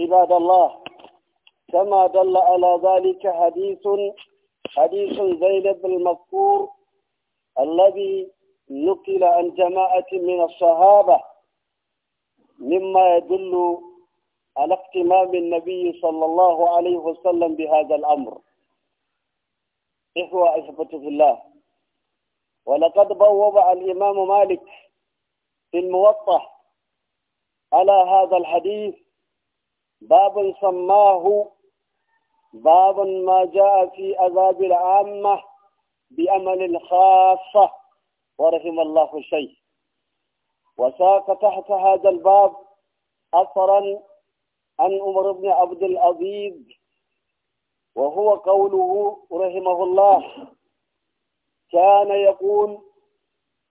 عباد الله كما دل على ذلك حديث حديث زينب المذكور الذي نقل عن جماعة من الصحابة مما يدل على اهتمام النبي صلى الله عليه وسلم بهذا الأمر إخوة أثبت في الله ولقد بوضع الإمام مالك في الموطأ على هذا الحديث باب سماه باب ما جاء في عذاب العامة بأمل خاصة ورحم الله شيء وساق تحت هذا الباب أثرا عن عمر بن عبد العزيز وهو قوله رحمه الله كان يقول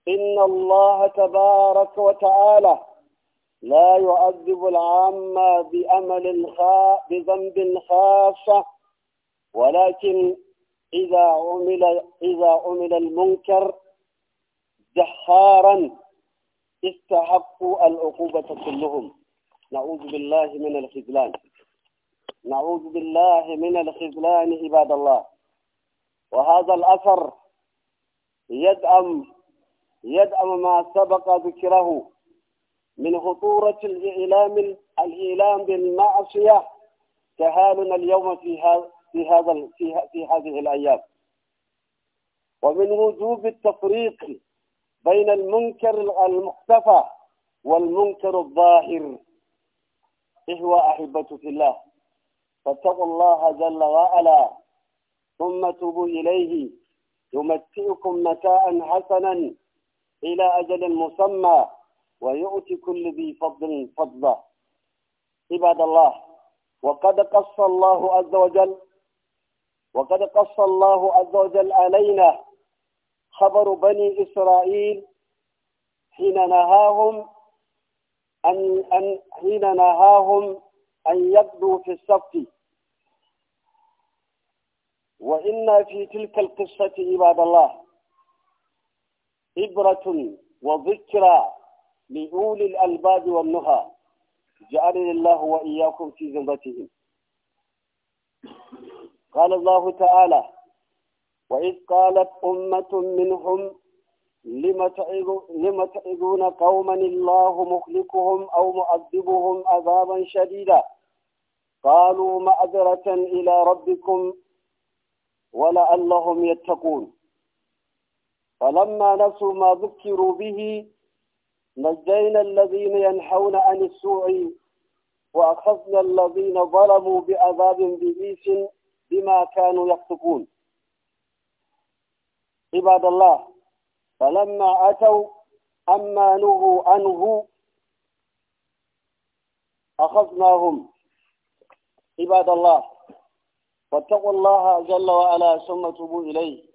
إن الله تبارك وتعالى لا يعذب العامة بأمل بذنب خاصة ولكن إذا عمل إذا عمل المنكر جحارا استحقوا العقوبة كلهم نعوذ بالله من الخذلان نعوذ بالله من الخذلان عباد الله وهذا الأثر يدعم يدعم ما سبق ذكره من خطورة الإعلام الإعلام بالمعصية كهالنا اليوم في هذا في هذا في هذه الأيام ومن وجوب التفريق بين المنكر المختفى والمنكر الظاهر إهوى أحبة في الله فاتقوا الله جل وعلا ثم توبوا إليه يمتعكم متاء حسنا إلى أجل مسمى ويؤتي كل ذي فضل فضله عباد الله وقد قص الله عز وجل وقد قص الله عز وجل علينا خبر بني إسرائيل حين نهاهم أن, أن حين نهاهم أن يبدوا في السبت وإن في تلك القصة عباد الله عبرة وذكرى لأولي الألباب والنهى جعلني الله وإياكم في زمرتهم قال الله تعالى وإذ قالت أمة منهم لم تعظون قوما الله مخلقهم أو معذبهم عذابا شديدا قالوا معذرة إلى ربكم ولعلهم يتقون فلما نسوا ما ذكروا به نجينا الذين ينحون عن السوء وأخذنا الذين ظلموا بعذاب بئيس بما كانوا يخطفون عباد الله فلما أتوا أما نهوا عنه أخذناهم عباد الله فاتقوا الله جل وعلا ثم توبوا إليه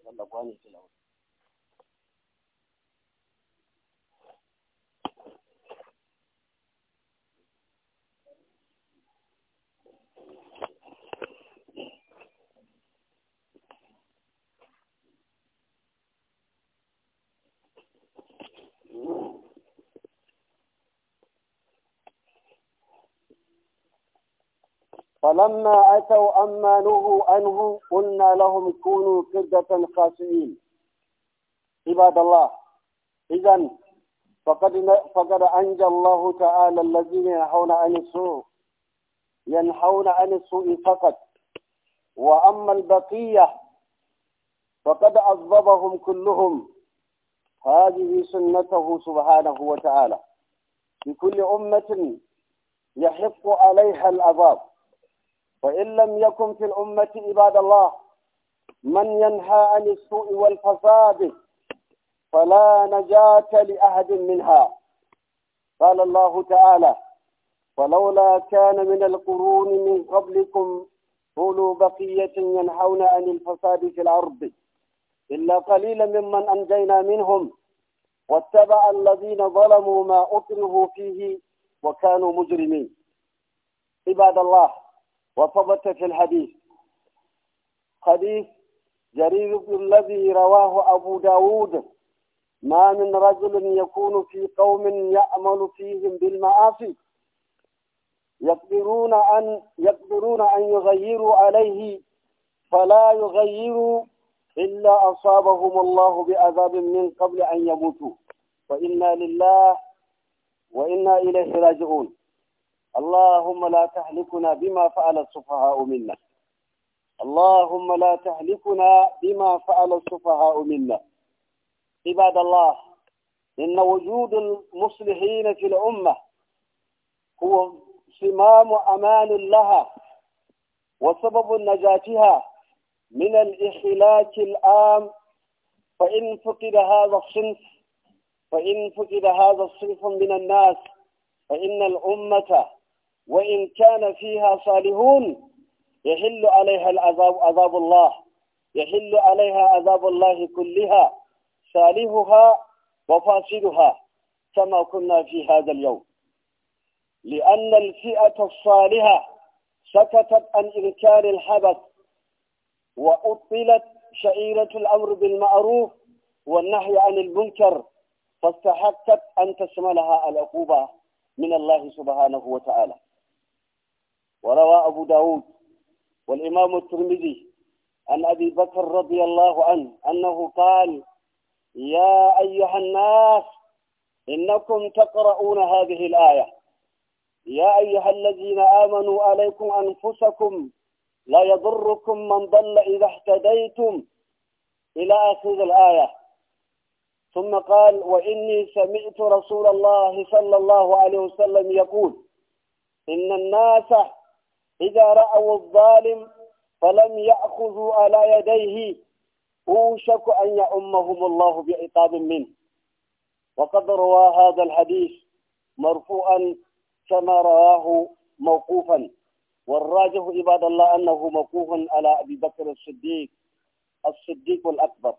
فلما أتوا أما نهوا عنه قلنا لهم كونوا قردة خاسئين عباد الله إذا فقد فقد أنجى الله تعالى الذين ينهون عن السوء ينهون عن السوء فقط وأما البقية فقد عذبهم كلهم هذه سنته سبحانه وتعالى لكل أمة يحق عليها العذاب فإن لم يكن في الأمة عباد الله من ينهى عن السوء والفساد فلا نجاة لأحد منها قال الله تعالى ولولا كان من القرون من قبلكم أولو بقية ينهون عن الفساد في الأرض إلا قليلا ممن أنجينا منهم واتبع الذين ظلموا ما أطره فيه وكانوا مجرمين عباد الله وثبت في الحديث حديث جرير الذي رواه أبو داود ما من رجل يكون في قوم يأمل فيهم بالمعاصي يقدرون أن يقدرون أن يغيروا عليه فلا يغيروا إلا أصابهم الله بعذاب من قبل أن يموتوا وإنا لله وإنا إليه راجعون اللهم لا تهلكنا بما فعل السفهاء منا اللهم لا تهلكنا بما فعل السفهاء منا عباد الله إن وجود المصلحين في الأمة هو صمام أمان لها وسبب نجاتها من الإخلاك العام فإن فقد هذا الصنف فإن فقد هذا الصنف من الناس فإن الأمة وإن كان فيها صالحون يحل عليها العذاب عذاب الله يحل عليها عذاب الله كلها صالحها وفاسدها كما كنا في هذا اليوم لأن الفئة الصالحة سكتت عن إنكار الحدث وأطلت شعيرة الأمر بالمعروف والنهي عن المنكر فاستحقت أن تشملها العقوبة من الله سبحانه وتعالى وروى أبو داود والإمام الترمذي عن أبي بكر رضي الله عنه أنه قال يا أيها الناس إنكم تقرؤون هذه الآية يا أيها الذين آمنوا عليكم أنفسكم لا يضركم من ضل إذا اهتديتم إلى آخر الآية ثم قال وإني سمعت رسول الله صلى الله عليه وسلم يقول إن الناس إذا رأوا الظالم فلم يأخذوا على يديه أوشك أن يعمهم الله بعقاب منه وقد روى هذا الحديث مرفوعا كما رواه موقوفا والراجح عباد الله أنه موقوف على أبي بكر الصديق الصديق الأكبر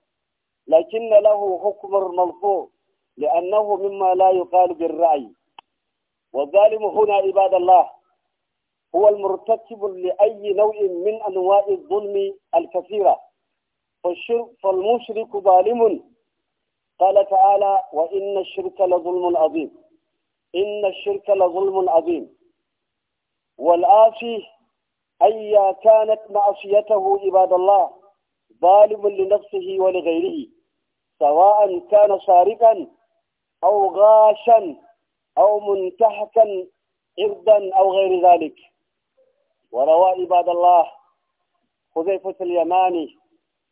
لكن له حكم المرفوع لأنه مما لا يقال بالرأي والظالم هنا عباد الله هو المرتكب لأي نوع من أنواع الظلم الكثيرة فالمشرك ظالم قال تعالى وإن الشرك لظلم عظيم إن الشرك لظلم عظيم والآفي أيا كانت معصيته عباد الله ظالم لنفسه ولغيره سواء كان سارقا أو غاشا أو منتهكا إردا أو غير ذلك وروى عباد الله حذيفة اليماني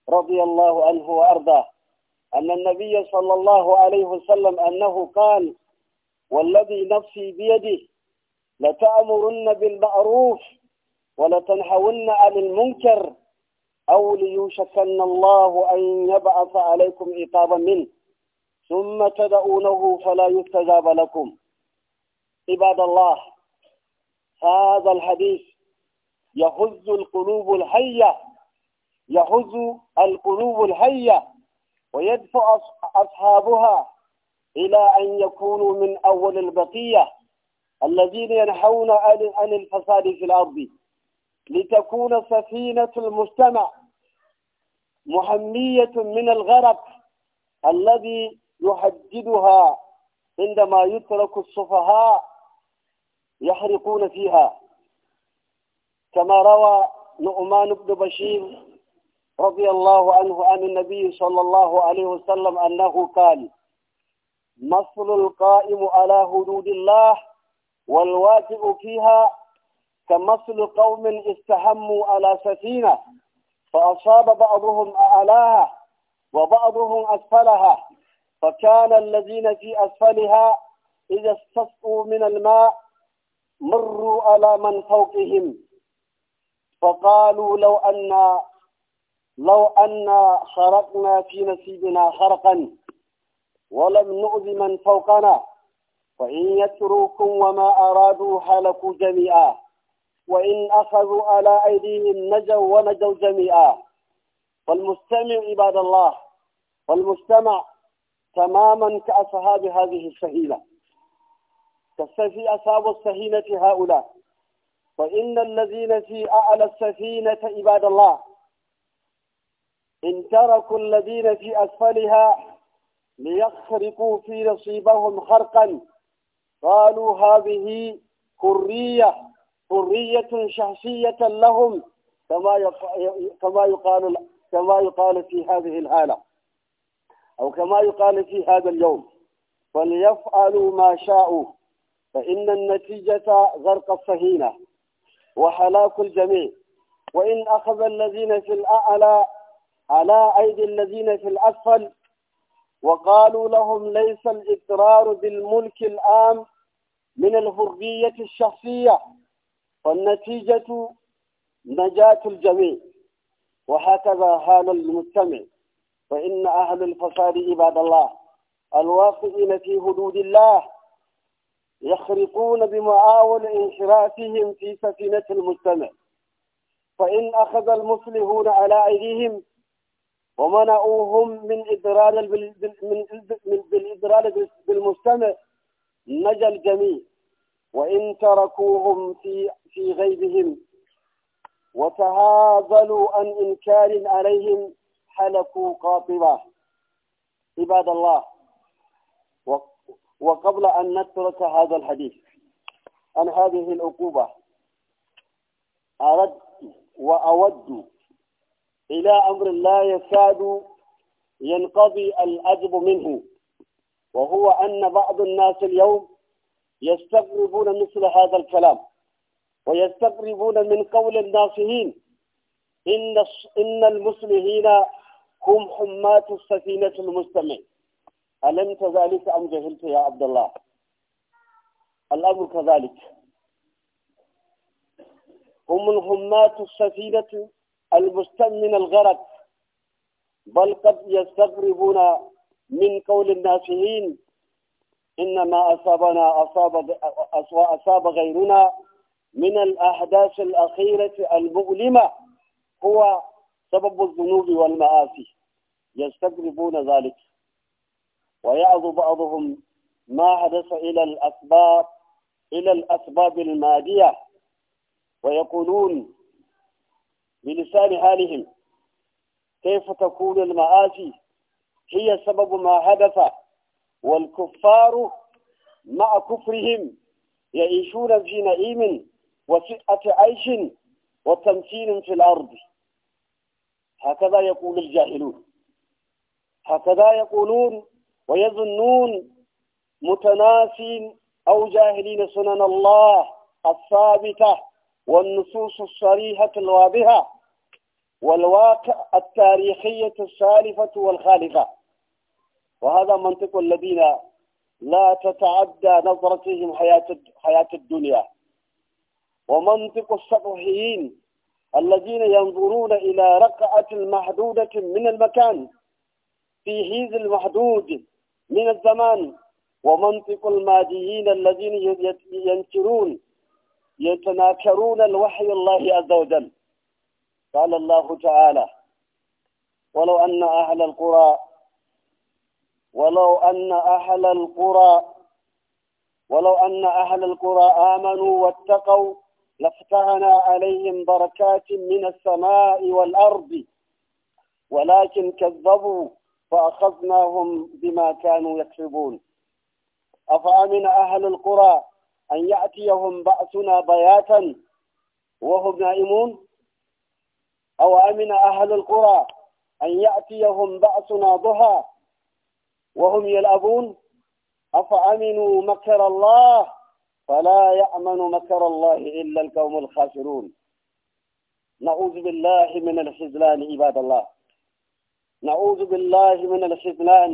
رضي الله عنه وأرضاه أن النبي صلى الله عليه وسلم أنه قال والذي نفسي بيده لتأمرن بالمعروف ولتنهون عن المنكر أو ليوشكن الله أن يبعث عليكم عقابا منه ثم تدعونه فلا يستجاب لكم عباد الله هذا الحديث يهز القلوب الحية يهز القلوب الحية ويدفع أصحابها إلى أن يكونوا من أول البقية الذين ينحون عن الفساد في الأرض لتكون سفينة المجتمع محمية من الغرق الذي يحددها عندما يترك السفهاء يحرقون فيها كما روى نؤمان بن بشير رضي الله عنه عن النبي صلى الله عليه وسلم أنه قال مصل القائم على حدود الله والواجب فيها كمصل قوم استهموا على سفينة فأصاب بعضهم أعلاها وبعضهم أسفلها فكان الذين في أسفلها إذا استسقوا من الماء مروا على من فوقهم فقالوا لو أن لو أن خرقنا في نسيبنا خرقا ولم نؤذ من فوقنا فإن يتركم وما أرادوا هلكوا جميعا وإن أخذوا على أيديهم نجوا ونجوا جميعا فالمستمع عباد الله والمستمع تماما كأصحاب هذه السهيلة كالسفي أصحاب السهيلة هؤلاء فإن الذين في أعلى السفينة عباد الله إن تركوا الذين في أسفلها ليخرقوا في نصيبهم خرقا قالوا هذه حرية حرية شخصية لهم كما كما يقال كما يقال في هذه الحالة أو كما يقال في هذا اليوم فليفعلوا ما شاءوا فإن النتيجة غرق السفينة وهلاك الجميع وإن أخذ الذين في الأعلى على أيدي الذين في الأسفل وقالوا لهم ليس الإقرار بالملك العام من الحرية الشخصية والنتيجة نجاة الجميع وهكذا حال المجتمع فإن أهل الفساد عباد الله الواقعين في حدود الله يخرقون بمعاول انحرافهم في سفينة المجتمع فإن أخذ المصلحون على أيديهم ومنعوهم من إضرار بالإضرار بالمجتمع نجا الجميع وإن تركوهم في في غيبهم وتهاذلوا عن إنكار عليهم حلقوا قاطبة عباد الله وقبل أن نترك هذا الحديث عن هذه العقوبة أردت وأود إلى أمر لا يكاد ينقضي الأدب منه وهو أن بعض الناس اليوم يستغربون مثل هذا الكلام ويستغربون من قول الناصحين إن إن المسلمين هم حماة السفينة المستمر ألم كذلك أم جهلت يا عبد الله الأمر كذلك هم الهمات السفينة المستن من الغرق بل قد يستغربون من قول الناسين إنما أصابنا أصاب, أصاب غيرنا من الأحداث الأخيرة المؤلمة هو سبب الذنوب والمآسي يستغربون ذلك ويعظ بعضهم ما حدث إلى الأسباب إلى الأسباب المادية ويقولون بلسان حالهم كيف تكون المآسي هي سبب ما حدث والكفار مع كفرهم يعيشون في نعيم وسعة عيش وتمثيل في الأرض هكذا يقول الجاهلون هكذا يقولون ويظنون متناسين أو جاهلين سنن الله الثابتة والنصوص الصريحة الواضحة والواقع التاريخية السالفة والخالفة وهذا منطق الذين لا تتعدى نظرتهم حياة حياة الدنيا ومنطق السطحيين الذين ينظرون إلى رقعة محدودة من المكان في هذا المحدود من الزمان ومنطق الماديين الذين ينكرون يتناكرون الوحي الله عز وجل قال الله تعالى ولو أن أهل القرى ولو أن أهل القرى ولو أن أهل القرى آمنوا واتقوا لفتحنا عليهم بركات من السماء والأرض ولكن كذبوا فأخذناهم بما كانوا يكسبون أفأمن أهل القرى أن يأتيهم بأسنا بياتا وهم نائمون أو أمن أهل القرى أن يأتيهم بأسنا ضحى وهم يلعبون أفأمنوا مكر الله فلا يأمن مكر الله إلا القوم الخاسرون نعوذ بالله من الخذلان عباد الله نعوذ بالله من الخذلان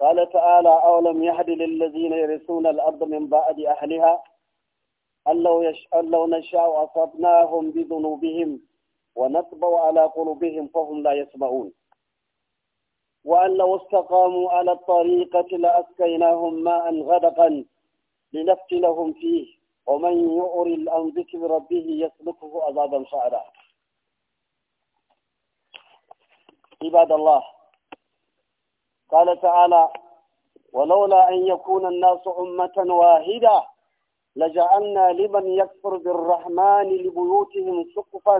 قال تعالى أولم يهد للذين يرثون الأرض من بعد أهلها أن لو, يش... أن لو نشاء أصبناهم بذنوبهم ونطبع على قلوبهم فهم لا يسمعون وأن لو استقاموا على الطريقة لأسقيناهم ماء غدقا لنفتنهم فيه ومن يؤر عن بربه يسلكه عذابا صعدا عباد الله قال تعالى ولولا أن يكون الناس أمة واحدة لجعلنا لمن يكفر بالرحمن لبيوتهم سقفا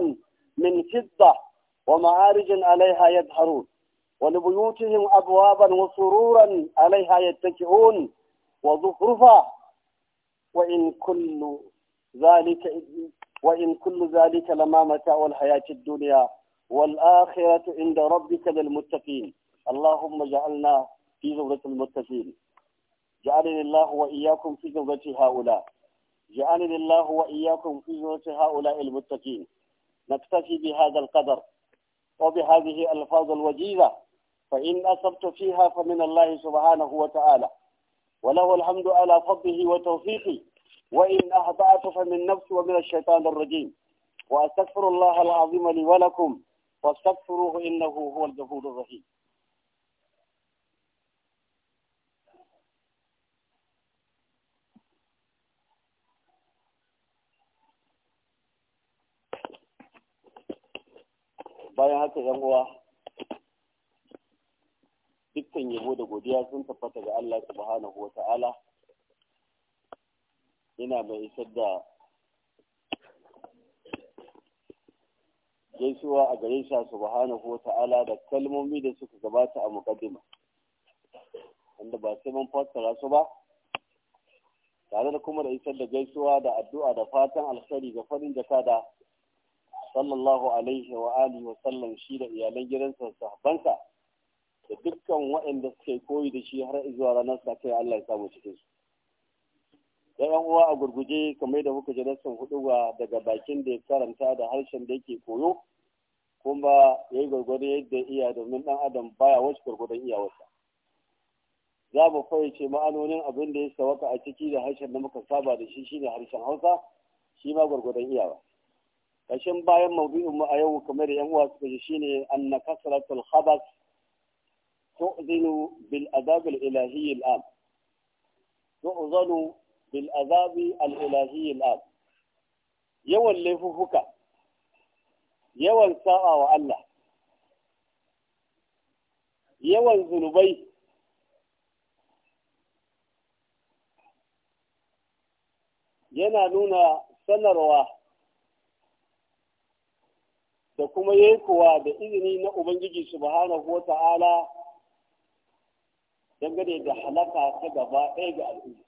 من فضة ومعارج عليها يظهرون ولبيوتهم أبوابا وسرورا عليها يتكئون وزخرفا وإن كل ذلك وإن كل ذلك لما متاع الحياة الدنيا والآخرة عند ربك للمتقين اللهم اجعلنا في زمرة المتقين جعلني الله وإياكم في زمرة هؤلاء جعلني الله وإياكم في زمرة هؤلاء المتقين نكتفي بهذا القدر وبهذه الألفاظ الوجيزة فإن أصبت فيها فمن الله سبحانه وتعالى وله الحمد على فضله وتوفيقه وإن أخطأت فمن نفسي ومن الشيطان الرجيم وأستغفر الله العظيم لي ولكم فاستغفروه انه هو الغفور الرحيم bayan haka yan uwa dukkan yabo da godiya sun tabbata ga Allah subhanahu wa ta'ala yana mai isar da gaisuwa a gare shi subhanahu ko ta'ala da kalmomi da suka gabata a mukaddima wanda ba sai mun fassara su ba tare da kuma da isar da gaisuwa da addu'a da fatan alkhairi ga farin jakada sallallahu alaihi wa alihi wa sallam shi da iyalan gidansa sahabbansa da dukkan waɗanda suke koyi da shi har zuwa ranar sa kai Allah ya samu cikinsu. da yan uwa a gurguje kamar da muka ji rassan hudu daga bakin da ya karanta da harshen da yake koyo kuma ya yi gwargwadon yadda iya domin dan adam baya wasu gwargwadon wasa za mu fahimci ma'anonin abin da ya sawaka a ciki da harshen da muka saba da shi shine harshen hausa shi ma gwargwadon iyawa kashin bayan maudu'in mu a yau kamar da yan uwa suka ji shine anna kasratul khabas tu'dinu bil adab al ilahi bil azabi al ilahi yawan laifuka yawan sa'a wa Allah yawan zunubai yana nuna sanarwa da kuma yankowa da izini na Ubangiji subhanahu wa ta'ala dangane da halaka ta gaba ɗaya ga al'umma.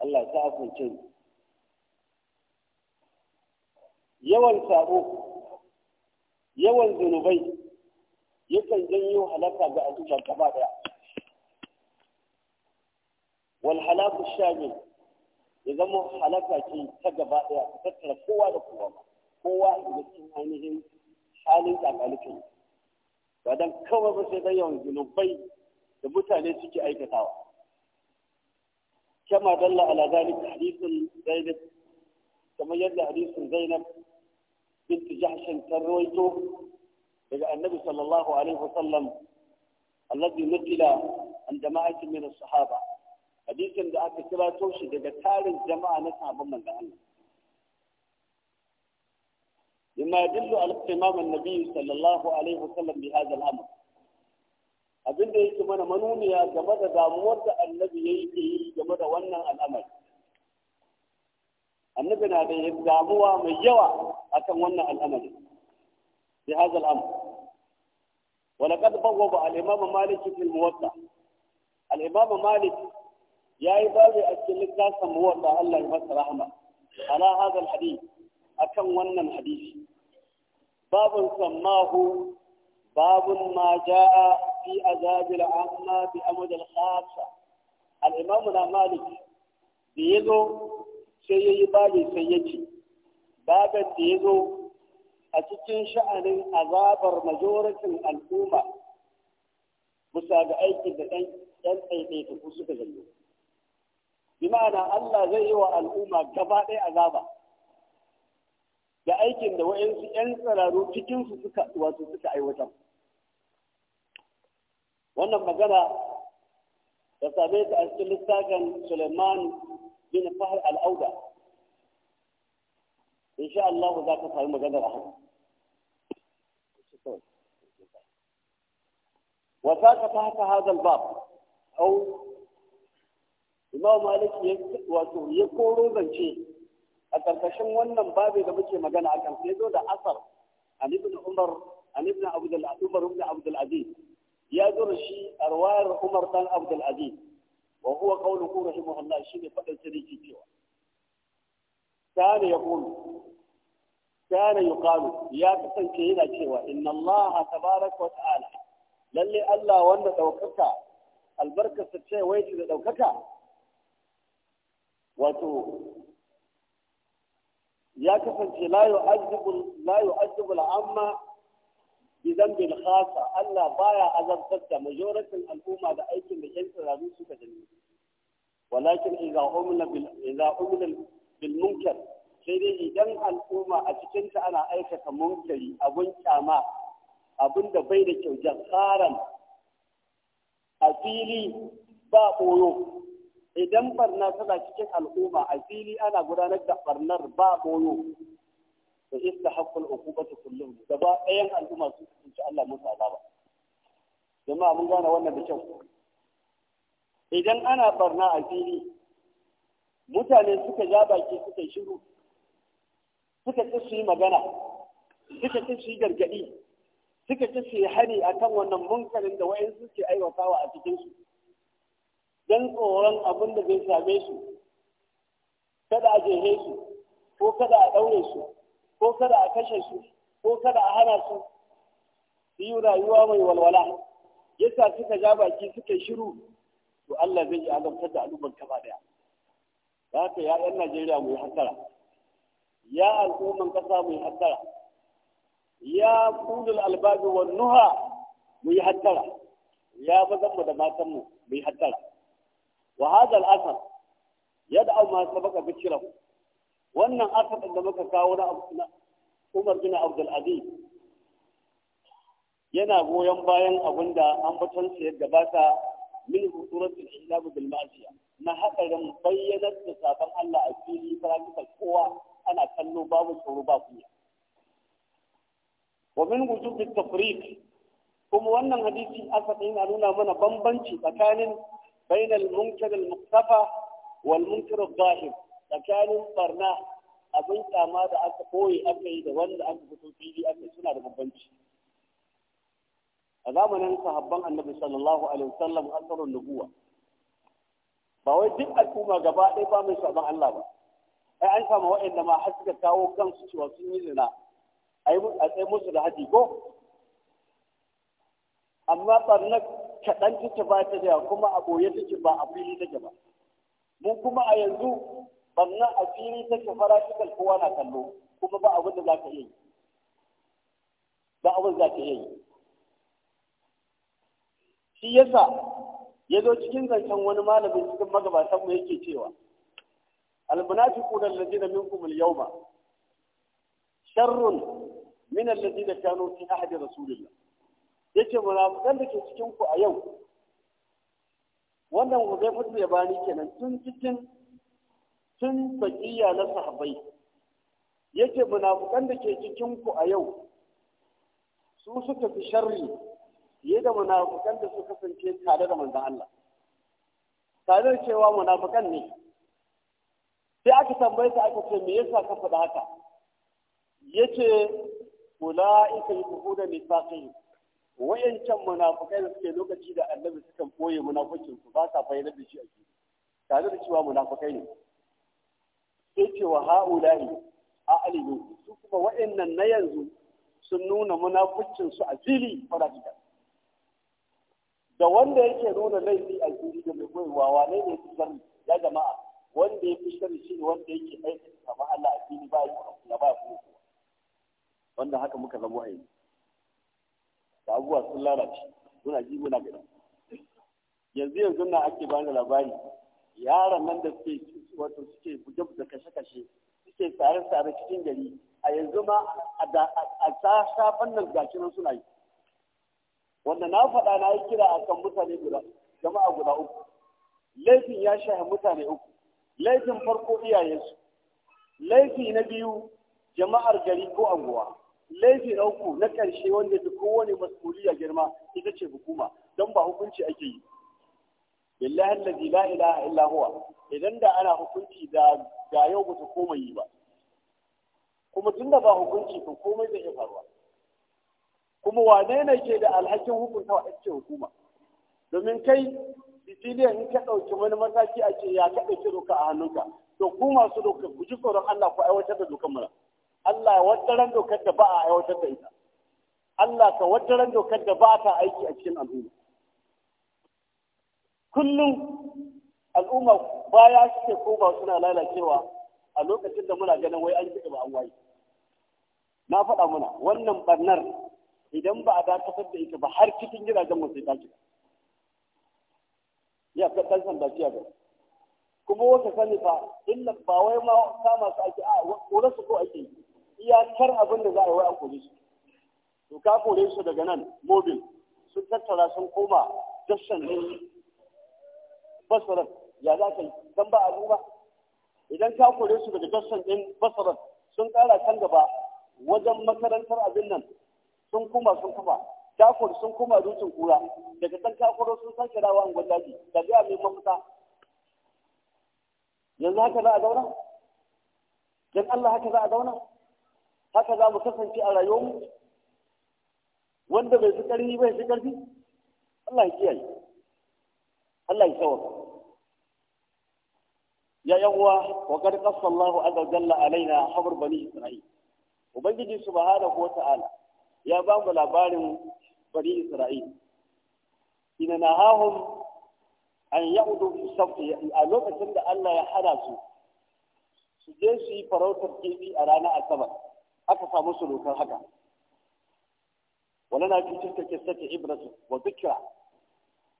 Allah ta afince yawan sabo yawan zunubai yakan janyo halaka ga azuka gaba daya wal halaku shamil ya zama halaka ce ta gaba daya ta tattara kowa da kowa kowa da cikin ainihin halin kakalikin ba dan kawai ba sai da yawan zunubai da mutane suke aikatawa كما دل على ذلك حديث زينب كما يدل حديث زينب بنت جحش كرويته إلى النبي صلى الله عليه وسلم الذي نقل عن جماعة من الصحابة حديث da aka توشي toshi daga الجماعة نسعى na دعنا لما مما يدل على اهتمام النبي صلى الله عليه وسلم بهذا الأمر abin da yake mana manuniya game da damuwar da annabi ya yi game da wannan al'amari annabi na da damuwa mai yawa akan wannan al'amari bi hazal al'amr wani laqad bawwaba al-imam malik fi muwatta al'imama Malik ya yi bari a cikin littafin muwatta Allah ya masa rahama ala hazal al a akan wannan hadisi babun sammahu babun ma jaa في عذاب العامة بأمد الخاصة الإمامنا مالك بيزو سيئي بالي سيئتي بابا بيزو أتكين شأن عذاب مجورة الأمة مسابعيك بأن ينقيقيك فسك جلو بمعنى الله زي والأمة كفاء عذابه da aikin da wa'yansu 'yan tsararru cikinsu suka wato suka aiwatar wannan magana da same ta a cikin littafin Suleiman bin Fahar al'auda insha Allah za ka sami maganar a haka وذاك تحت هذا الباب أو Imam Malik ya wato ya koro zance a ƙarƙashin wannan babi da muke magana akan sai zo da asar an ibn Umar an ibn Abdul Umar ibn Abdul Aziz ya zura shi a ruwayar Umar dan Abdul Aziz wa huwa qawluhu shi ne faɗin sirri cewa kana yaqulu kana yuqalu ya kasance yana cewa inna Allah tabaraka wa ta'ala lalle Allah wanda ɗaukaka, albarkarsa ce wai da ɗaukaka? wato ya kasance layo yu'azzibu la yu'azzibu idan bil khasa Allah baya azabtar da majoratin al'umma da aikin da yan tsiraru suka jini walakin iza umila bil munkar sai dai idan al'umma a cikin ta ana aikata munkari abun kyama abun da bai da kyau jakaran a fili ba boyo idan barna tana cikin al'umma a fili ana gudanar da barnar ba boyo da ista haƙƙul hukumata kullum gaba ɗayan al'umma su tsinci Allah musu azaba jama'a mun gane wannan da kyau idan ana barna a fili mutane suka ja baki suka shiru suka ci su yi magana suka ci su yi gargaɗi suka ci su yi hari a kan wannan munkarin da wayan ke aiwatawa a cikinsu don tsoron abin da zai same su kada a jehe su ko kada a ɗaure su ko kada a kashe su ko kada a hana su su yi rayuwa mai walwala yasa suka ja baki suka shiru to Allah zai yi azabtar da al'ummar gaba daya ya haka ya yan Najeriya mu yi hasara ya al'umman kasa mu yi hasara ya kulul albabi wa nuha mu yi hasara ya bazan mu da matan mu mu yi hasara wa hadha al yad'u ma sabaqa wannan asabar da muka kawo na umar bin abdulaziz yana goyon bayan abin da ambaton sa ya gabata min huturatul islamu bil haɗa na mu bayyanar da sabon Allah a fili practical kowa ana kallo babu tsoro ba kunya wa min wujubi tafriq kuma wannan hadisi asali yana nuna mana bambanci tsakanin bainal munkar al muqtafa wal munkar al zahir tsakanin barna abin kama da aka koyi aka yi da wanda aka fito fili aka yi suna da bambanci a zamanin sahabban annabi sallallahu alaihi wasallam asarun nubuwa ba wai duk al'umma gaba ɗaya ba mai sabon Allah ba ai an samu waɗanda ma har suka kawo kansu cewa sun yi zina a tsaye musu da haji ko amma barnar kaɗan take ba ta da kuma a ɓoye take ba a fili take ba mun kuma a yanzu banna a fili take farashikal kowa na kallo kuma ba abin da za ka yi ba abin za ka yi shi yasa ya zo cikin zancen wani malamin cikin magabatan mu yake cewa almunafiquna min minkum yau yawma sharrun min da kanu fi ahdi rasulillah yace munafiqan da ke cikinku a yau wannan ya bani kenan tun cikin tun baƙiya na sahabbai yace munafukan da ke cikin ku a yau su suka fi sharri fiye da munafukan da suka kasance tare da manzon Allah tare da cewa munafukan ne sai aka tambaye su aka ce me yasa ka faɗa haka yace ulaika yuhuna nifaqin wayancan munafukai da suke lokaci da annabi sukan koye munafukin su ba sa fayyana da shi a ciki tare da cewa munafukai ne sai ce wa ha'ulahi a aliyu su kuma wa’innan na yanzu sun nuna munafucin su a fili faratika da wanda yake nuna laifi a fili da mai goyewa wane ne su zarni ya jama'a wanda ya fi shirin shi wanda yake aiki kama Allah a fili ba ya ba kuma wanda haka muka zama a da abubuwa sun lalace muna ji muna gani yanzu yanzu na ake bani labari yaran nan da suke wato suke buge da kashe-kashe suke tsare-tsare cikin gari a yanzu ma a safan nan gashi nan suna yi wanda na faɗa na yi kira a kan mutane guda jama'a guda uku laifin ya shahi mutane uku laifin farko iyayensu laifi na biyu jama'ar gari ko anguwa laifi na uku na ƙarshe wanda fi kowane masuliya girma ita ce hukuma don ba hukunci ake yi billahi allazi la ilaha illa huwa idan da ana hukunci da ga yau ba su koma yi ba kuma tun da ba hukunci to komai zai iya faruwa kuma wane ne ke da alhakin hukunta wa ake hukuma domin kai Siciliya in ka dauki wani mataki a ce ya ka dauki doka a hannunka to ku masu doka ku ji tsoron Allah ku aiwatar da dokar mu Allah ya wattaran dokar da ba a aiwatar da ita Allah ka wattaran dokar da ba ta aiki a cikin al'umma kullum al'umma baya suke ko ba suna lalacewa a lokacin da muna ganin wai an kiɗa ba an waye na faɗa muna wannan barnar idan ba a dakatar da ita ba har cikin gidajen masu ta kiɗa ya ka ɗan sanda fiya ga kuma wata sani fa illa ba wai ma ta masu ake a kore su ko ake iyakar abin da za a yi wai an kore su to ka kore su daga nan mobil sun tattara sun koma jashan ne basaran ya za ka yi don ba al'umma idan ka kore su daga dassan ɗin basaran sun ƙara kan gaba wajen makarantar abin nan sun kuma sun kuma ka kore sun kuma dutsen kura daga can ka kore sun sake rawa a gwajaji da biya mai mafita yanzu haka za a zauna dan Allah haka za a zauna haka za mu kasance a rayuwarmu wanda bai fi ƙarfi bai fi ƙarfi Allah ya kiyaye Allah ya tsawaka ya yawa wa qad qassallahu Allah, jalla alaina habr bani isra'il ubangiji subhanahu ko ta'ala ya ba mu labarin bani isra'il ina nahahum an ya'udu a lokacin da Allah ya hana su su je su yi farautar kifi a ranar asabar aka samu su dokar haka Wani na fi cikin kissa ta Ibrahim wa zikra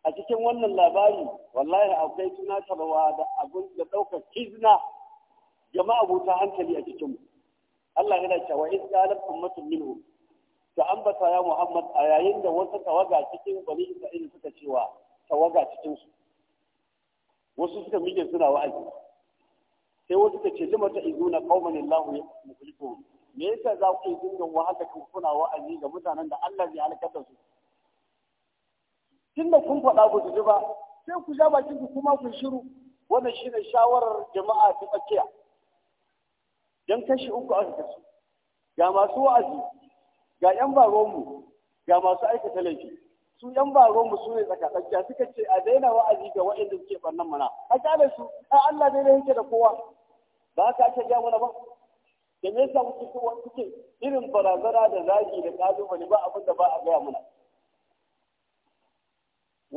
a cikin wannan labari wallahi akwai tunatarwa da abun da ɗaukar kizna jama'a buta hankali a cikin Allah yana cewa in qalat ummatun minhu Da ambata ya Muhammad a yayin da wasu tawaga cikin bani Isra'ila suka cewa tawaga cikin su wasu suka miƙe suna wa'azi sai wasu suka ce limata izuna qauman Allah mukhlifuhum me yasa za ku dinga wa kun kuna wa'azi ga mutanen da Allah ya halaka su tun da kun faɗa ba su ji ba sai ku ja bakin ku kuma ku shiru wannan shine shawarar jama'a ta tsakiya dan kashi uku aka kasu ga masu wa'azi ga yan baronmu ga masu aikata laifi su yan baronmu su ne tsaka. tsakiya suka ce a daina wa'azi ga waɗanda suke ɓannan mana a kyale su a Allah daidai yake da kowa ba ka ake gaya mana ba da me yasa kuke irin barazana da zagi da kalubale ba abin da ba a gaya mana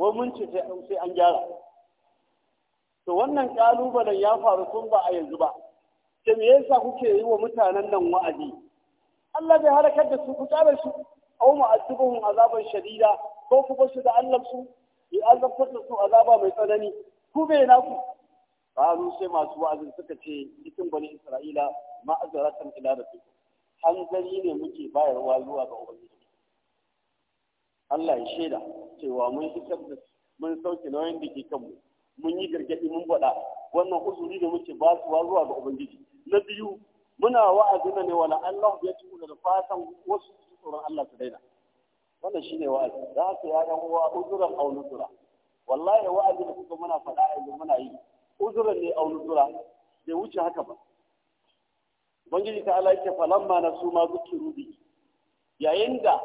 ko mun ce sai an gyara to wannan kalubalen ya faru tun ba a yanzu ba sai me yasa kuke yi wa mutanen nan wa'azi Allah bai halakar da su ku tsare su aw mu'azzibuhum azaban shadida ko ku basu da Allah su yi azabtar su azaba mai tsanani ku bai ku? qalu sai masu wa'azin suka ce cikin bani Isra'ila azratan ila rabbikum hanzari ne muke bayarwa zuwa ga ubangiji Allah ya shaida cewa mun isar da mun sauke nauyin da ke kanmu mun yi gargadi mun faɗa wannan usuri da muke ba su zuwa ga ubangiji na biyu muna wa'azi na ne wala Allah ya ci da fatan wasu tsoron Allah su daina wannan shine wa'azi za ka ya ga uwa uzuran aw nusura wallahi wa'azi da kuka muna faɗa yanzu muna yi uzuran ne aw nusura bai wuce haka ba ubangiji ta Allah yake falamma su ma zukiru bi yayin da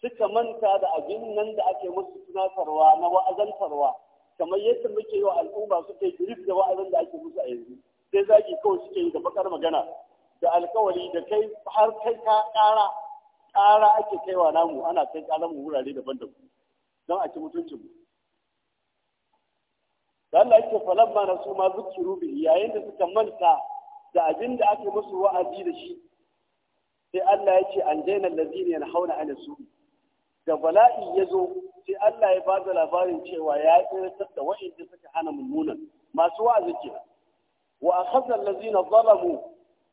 suka manta da abin nan da ake musu tunatarwa na wa'azantarwa kamar yadda muke yi wa al'umma suke girif da wa'azan da ake musu a yanzu sai zaki kawai suke yi da bakar magana da alkawari da kai har kai ka ƙara ƙara ake kaiwa namu ana kai ƙara mu wurare daban-daban don a ci mutuncinmu da Allah yake falamma na su ma zukiru rubi yayin da suka manta da abin da ake musu wa'azi da shi sai Allah ya ce an daina lazini yana hauna ala su'i da bala'i ya zo sai Allah ya bada labarin cewa ya tsirtar da wa'inda suka hana mummunan masu wa'azi kenan wa akhadha allazina zalamu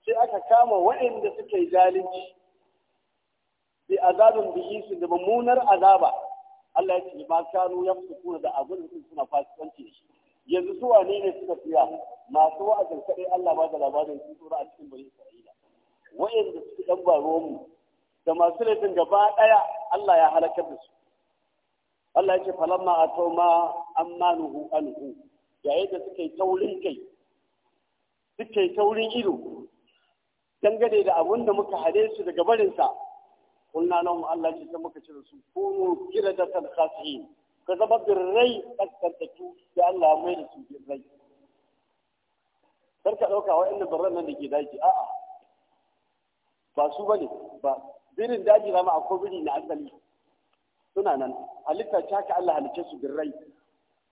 sai aka kama wa'inda suka yi zalunci bi azabin bihi da mummunar azaba Allah ya ce ma kanu yafsukuna da abin da suna fasikanci da shi yanzu su wane ne suka fiya? masu wa'azin kadai Allah ba da labarin su tsora a cikin bari Isra'ila wa'inda suke ɗan ba mu da masu laifin gaba ɗaya Allah ya halakar da su Allah ya ce falamma a ma an manuhu anhu yayin da suka yi taurin kai suka yi taurin ido dangane da abunda da muka hade su daga barinsa kunna nan Allah ce ta muka ce da su kunu kiradatan khasihin ka zama birrai tsakkantattu sai Allah mai da su birrai kar ka ɗauka wa'annan birran nan da ke daji a'a ba su bane ba birin daji zama a akwai biri na asali suna nan halitta ta ka Allah halicce su birrai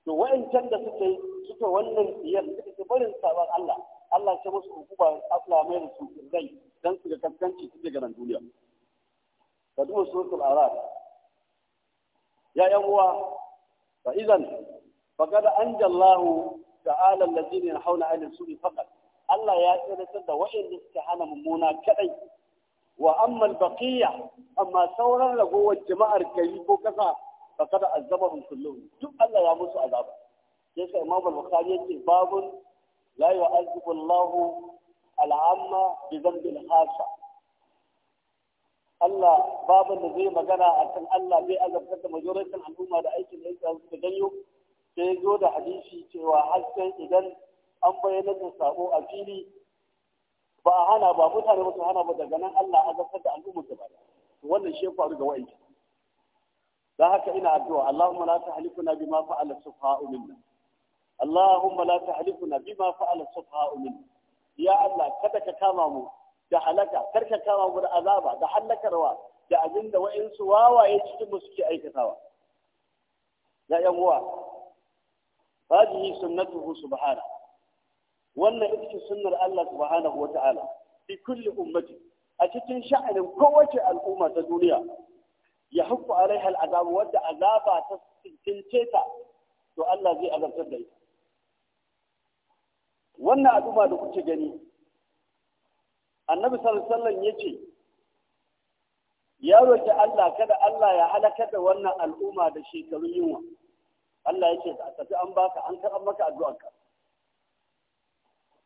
to wa'ancan da yi suka wannan siyar suka ce barin sabon Allah Allah ya musu hukuma Allah mai da su birrai dan su ga kaskanci su ga nan duniya ka duba suratul araf ya yan uwa fa idan faqad anjallahu ta'ala na hauna ainihin su'i faqat Allah ya tsare da wa'anda suka hana mummuna kadai wa amma baqiya amma sauran ragowar jama'ar gari ko kasa faqad azabahum kulluhum duk Allah ya musu azaba yasa Imam al-Bukhari yace babun la yu'azzibu Allah al-amma bi dhanbi al Allah babun da zai magana akan Allah bai azabtar da majoratin al'umma da aikin da yake su ganyo sai zo da hadisi cewa har sai idan an bayyana da sabo a fili ba a hana ba mutane ba su hana ba daga nan Allah azabtar da al'ummar gaba to wannan shi ya faru ga wa'ancan da haka ina addu'a Allahumma la tahlikuna bima fa'ala sufaha'u minna Allahumma la tahlikuna bima fa'ala sufaha'u minna ya Allah kada ka kama mu da halaka kar ka kama mu da azaba da halakarwa da abin da wa'insu wawaye cikin mu suke aikatawa ya yan uwa hadihi sunnatuhu subhanahu wannan ita ce sunnar Allah subhanahu wa ta'ala fi kulli ummati a cikin sha'anin kowace al'umma ta duniya ya hukku alaiha al'azabu wadda azaba ta cince ta to Allah zai azabtar da ita wannan al'umma da kuke gani annabi sallallahu alaihi wasallam yace ya roƙi Allah kada Allah ya halakar da wannan al'umma da shekaru yunwa Allah ya ce ka tafi an baka an karɓar maka addu'arka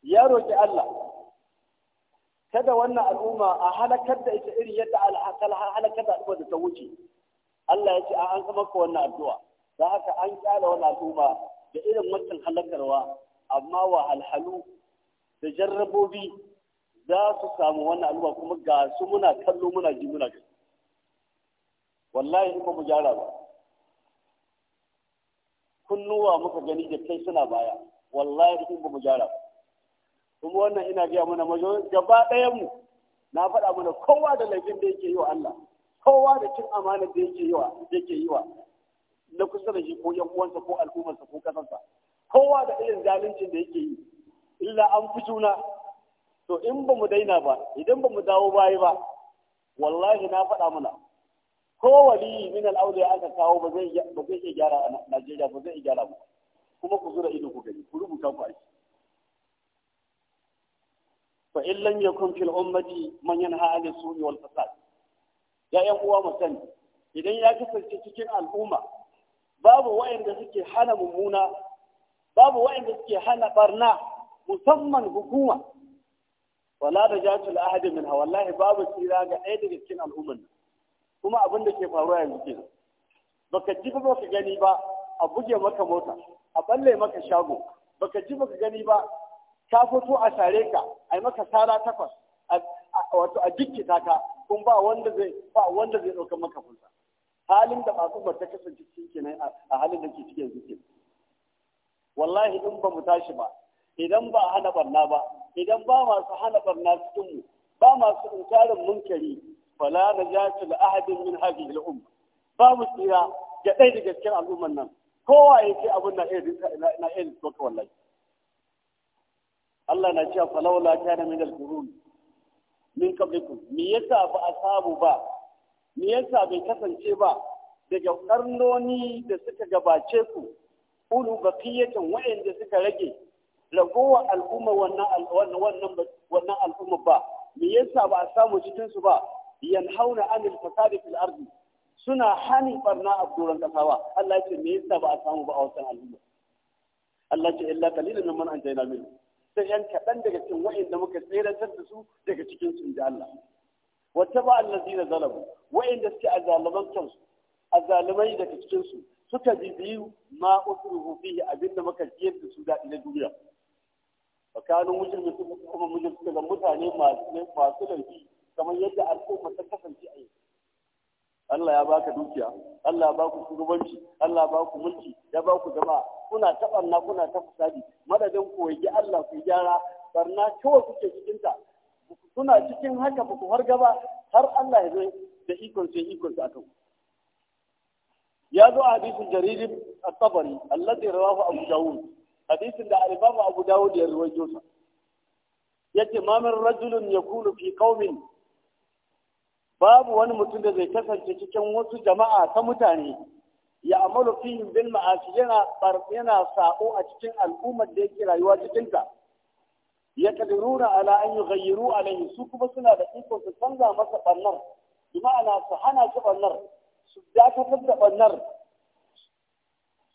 ya roƙi Allah kada wannan al'umma a halakar da ita irin yadda al'akal halakar da al'umma da ta wuce Allah ya ce a an maka wannan addu'a da haka an kyala wannan al'umma da irin wancan halakarwa amma wa alhalu da jarrabobi za su samu wannan al'umma kuma ga su muna kallo muna ji muna gani wallahi in ba mu gyara ba kunnuwa muka gani da kai suna baya wallahi in ba mu gyara ba kuma wannan ina gaya mana majo gaba ɗayan mu na faɗa mana kowa da laifin da yake yi wa Allah kowa da cin amana da yake yi wa yake yi wa na kusa da shi ko yan uwansa ko al'ummarsa ko kasarsa kowa da irin zaluncin da yake yi illa an fi juna to in ba mu daina ba idan ba mu dawo baya ba wallahi na faɗa mana ko wali min al'aure aka kawo ba zai iya gyara a Najeriya ba zai iya gyara ba kuma ku zura ido ku gani ku rubuta ku aiki fa in lam yakun fil ummati man yanha anil su'i wal ya yan uwa mu sani idan ya kasance cikin al'umma babu wa'anda suke hana mummuna babu wa'anda suke hana ɓarna, musamman hukuma wala da jatul min minha wallahi babu tsira ga ɗaya daga cikin al'umman kuma abin da ke faruwa yanzu kenan baka ji ba baka gani ba a buge maka mota a balle maka shago baka ji baka gani ba ka fito a tare ka a yi maka sara takwas wato a jikkita ka kun ba wanda zai ba wanda zai maka fulsa halin da masu bar ta kasance cikin a halin da ke cikin zuke wallahi in ba mu tashi ba idan ba hana barna ba idan ba masu hana barna cikin mu ba masu inkarin munkari fala najatu li ahadin min hadhihi al-umma ba mu tsira ga ɗaya daga cikin al'ummar nan kowa yake abin na iya na iya wallahi Allah na cewa falawla kana min al-qurun min qablikum me yasa ba a samu ba me yasa bai kasance ba daga karnoni da suka gabace ku ulu baqiyatan wa'anda suka rage ragowar al'umma wannan wannan wannan al'umma ba me yasa ba a samu cikin su ba yanhauna anil fasadi fil ardi suna hani barna a doron kasa Allah ya ce me yasa ba a samu ba a wannan al'umma Allah ya ce illa qalilan mimman anjayna minhu sai yan kaɗan daga cikin wa'inda muka tseratar da su daga cikin sun ji Allah wata ba allazi zina zalabu wa'inda suke azaliman kansu azalimai daga cikin su suka bibiyu ma usruhu fihi abinda muka jiyar da su daɗi na duniya tsakanin mujrimi kuma mujrimi suka mutane masu masu laifi kamar yadda al'umma ta kasance a yanzu Allah ya baka dukiya Allah ya baku shugabanci Allah ya baku mulki ya baku jama'a kuna ta barna kuna ta fasadi madadin ku yi Allah ku gyara barna kawai kuke cikin ta kuna cikin haka ba ku harga ba har Allah ya zo da ikon sai ikon sa akan ya zo a hadisin jarir at-tabari alladhi rawahu abu dawud hadisin da al-imam abu dawud ya rawaito sa yace ma min rajulun yakunu fi qaumin babu wani mutum da zai kasance cikin wasu jama'a ta mutane ya amalu fihim bil ma'asi yana yana sako a cikin al'ummar da yake rayuwa cikin ta ya kadiruna ala an yughayyiru alayhi su kuma suna da iko su canza masa bannar bi ma'ana su hana shi bannar su dakatar da bannar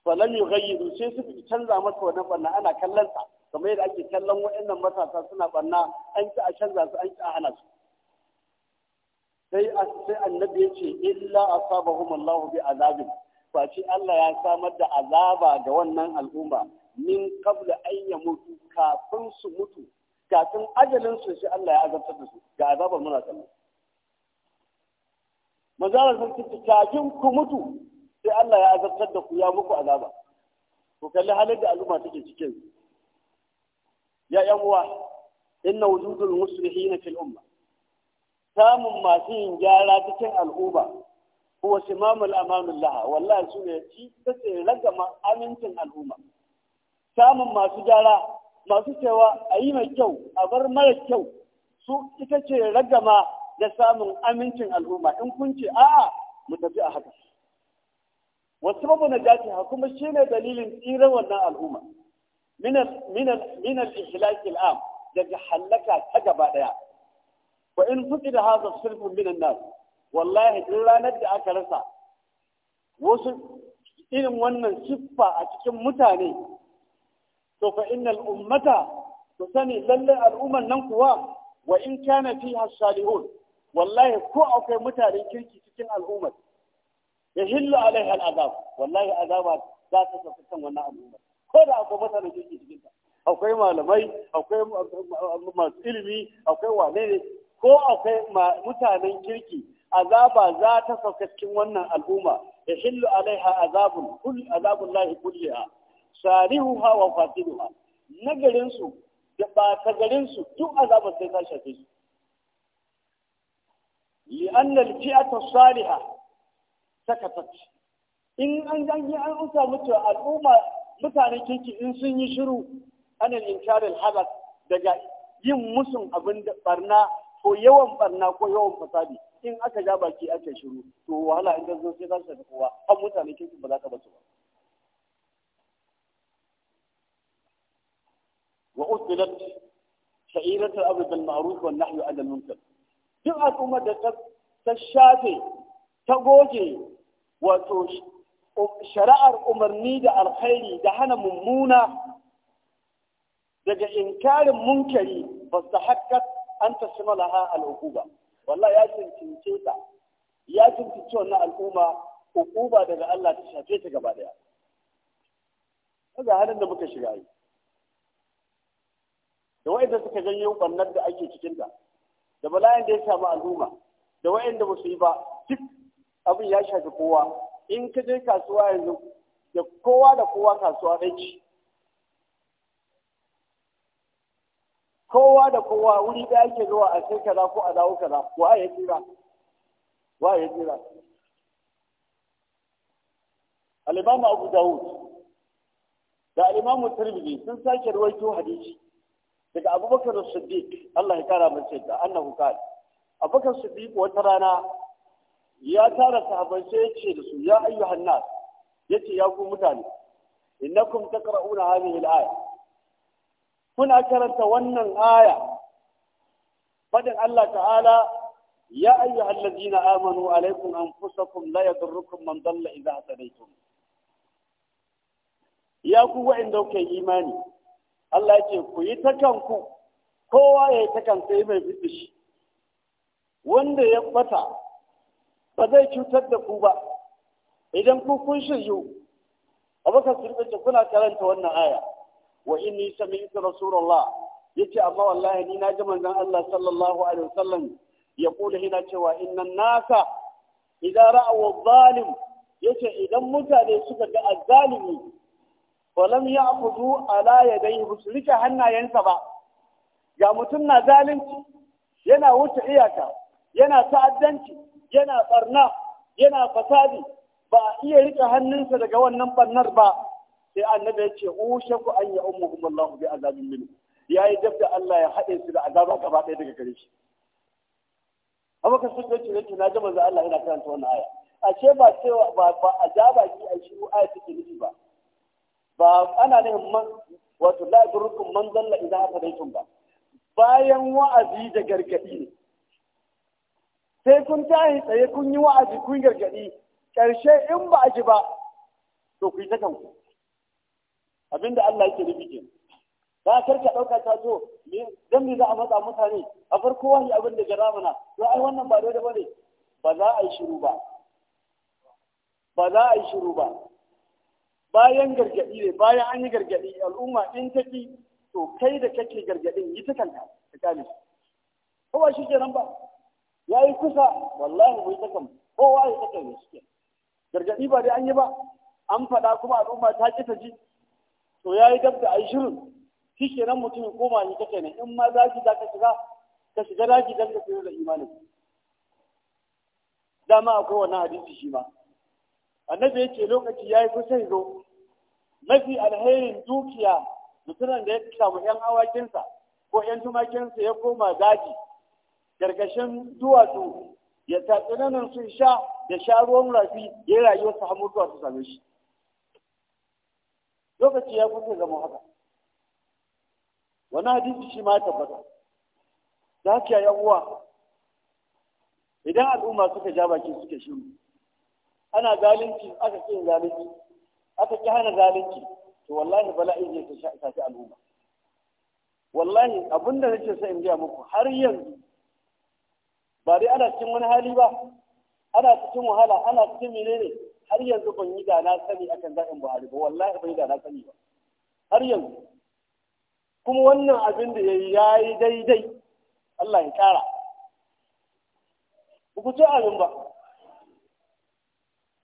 falam yughayyiru sai su canza masa wannan banna ana kallon sa kamar yadda ake kallon waɗannan matasa suna banna an ci a canza su an ci a hana su sai sai annabi ya ce illa asabahum Allah bi azabin face Allah ya samar da azaba ga wannan al'umma min qabla an mutu kafin su mutu kafin ajalin su shi Allah ya azabtar da su ga azabar muna sallah mazara sun ce kafin ku mutu sai Allah ya azabtar da ku ya muku azaba ku kalli halin da al'umma take cikin ya yan uwa inna wujudul muslihina fil umma samun masu yin gyara cikin al'umma huwa shimamul amanul laha wallahi su ne ci take ragama amincin al'umma samun masu gyara masu cewa a yi mai kyau a bar mara kyau su ita ce ragama da samun amincin al'umma in kun ce a'a mu tafi a haka wasu babu na jati kuma shi ne dalilin tsirar wannan al'umma minal ihlaki al'am daga hallaka ta gaba daya wa in fuqida hadha sirfun min an-nas wallahi duk ranar da aka rasa wasu irin wannan siffa a cikin mutane to fa innal ummata to sani lalle al'umman nan kuwa wa in kana fiha salihun wallahi ko akwai mutanen kirki cikin al'ummar ya hillu alaiha al'azab wallahi azaba za ta tafi kan wannan al'ummar ko da akwai mutanen kirki cikin akwai malamai akwai masu ilimi akwai wane ne ko akwai mutanen kirki azaba za ta sauka cikin wannan al'umma ya shillu alaiha azabun kul azabun lahi kulliha sarihuha wa na garin su da ba ta garin su duk azaba sai ta shafe su li anna al fi'atu salihah sakatat in an gangi an usa mutu al'umma mutanen kirki in sun yi shiru anan inkar al hadath daga yin musun abin da barna ko yawan barna ko yawan fasadi in aka ja baki ake shiru to wahala in zo sai za su tafi kowa an mutane kinsu ba za ka basu ba wa usilat sha'iratu abu bil ma'ruf wan nahyu anil munkar duk al'ummar da ta shafe ta goge wato um, shari'ar umarni da alkhairi da hana mummuna daga inkarin munkari ba su haƙƙa. an tasima laha al'uquba wallahi ya cincince ta ya cincince wannan al'umma uquba daga Allah ta shafe ta gaba daya kaga halin da muka shiga yi da wa'anda suka janyo bannar da ake cikin ta da bala'in da ya samu al'umma da wa'anda ba su yi ba duk abin ya shafi kowa in ka je kasuwa yanzu da kowa da kowa kasuwa ɗaya kowa da kowa wuri da yake zuwa a sai kaza ko a dawo kaza wa ya tsira wa ya tsira al-imam Abu Dawud da al-imam Tirmidhi sun sake ruwaito hadisi daga Abubakar Siddiq Allah ya kara masa da annahu qala Abubakar Siddiq wata rana ya tara sahabbai sai ya ce da su ya ayyuhan nas yace ya ku mutane innakum taqra'una hadhihi al-aya muna karanta wannan aya fadin Allah ta'ala ya ayyuhal ladina amanu alaikum anfusakum la yadurrukum man dalla a hadaytum ya ku wa'inda kuke imani Allah ce ku yi ta kanku kowa ya yi ta kansa mai fiti shi wanda ya bata ba zai cutar da ku ba idan ku kun shiryu abaka sirbe kuna karanta wannan aya wa inni sami'tu rasulullah yace amma wallahi ni na ji manzon Allah sallallahu alaihi wasallam ya kula hira cewa innan nasa idan ra'aw zalim yace idan mutane suka ga azzalimi walam ya'khudhu ala yadayhi busulika hannayensa ba ga mutum na zalunci yana wuce iyaka yana ta'addanci yana barna yana fasadi ba a iya rika hannunsa daga wannan barnar ba sai annabi ya ce ku an ya kuma Allah bi azabin min ya dab da Allah ya haɗe su da azaba gaba ɗaya daga gare shi amma ka sun ce yake na ji manzo Allah yana karanta wannan aya a ce ba cewa ba ba azaba ki a shi aya take nufi ba ba ana ne man wato la yurukum man dalla idan aka daitun ba bayan wa'azi da gargadi ne sai kun tashi tsaye kun yi wa'azi kun gargadi ƙarshe in ba a ji ba to ku yi ta kanku abinda Allah yake nufi ke ba karka ka dauka ta to dan me za a matsa mutane a farko wani abin da gara mana to ai wannan ba dole bane ba za a yi shiru ba ba za a yi shiru ba bayan gargadi ne bayan an yi gargadi al'umma in take to kai da kake gargaɗin yi ta kanka kame Ko ba shi kenan ba yayi kusa wallahi mu yi ta Ko kowa ya ta kanka shi Gargaɗi gargadi ba dai an yi ba an faɗa kuma al'umma ta ƙi ta ji to ya yi gab da a shirin shi kenan mutum mutumin koma ne kake ne in ma zaki za ka shiga ka shiga zaki don ka tsira da imanin dama akwai wannan hadisi shi ma annabi ya ce lokaci ya yi kusa zo mafi alherin dukiya mutumin da ya samu yan awakinsa ko yan tumakinsa ya koma zaki, gargashin duwatsu ya tatsi sun sha da sha ruwan rafi ya yi rayuwa su hamu zuwa su same shi lokaci ya kusa zama haka wani hadisi shi ma tabbata da haka ya uwa idan al'umma suka ja baki suka shi ana zalunci aka ƙin zalunci aka ƙi hana zalunci to wallahi bala'i ne ta shafi al'umma wallahi abin da nake sa in gaya muku har yanzu ba dai ana cikin wani hali ba ana cikin wahala ana cikin menene har yanzu ban yi da na sani akan zaɓin Buhari ba wallahi ban yi da na sani ba har yanzu kuma wannan abin da ya yi daidai Allah ya ƙara ku ce abin ba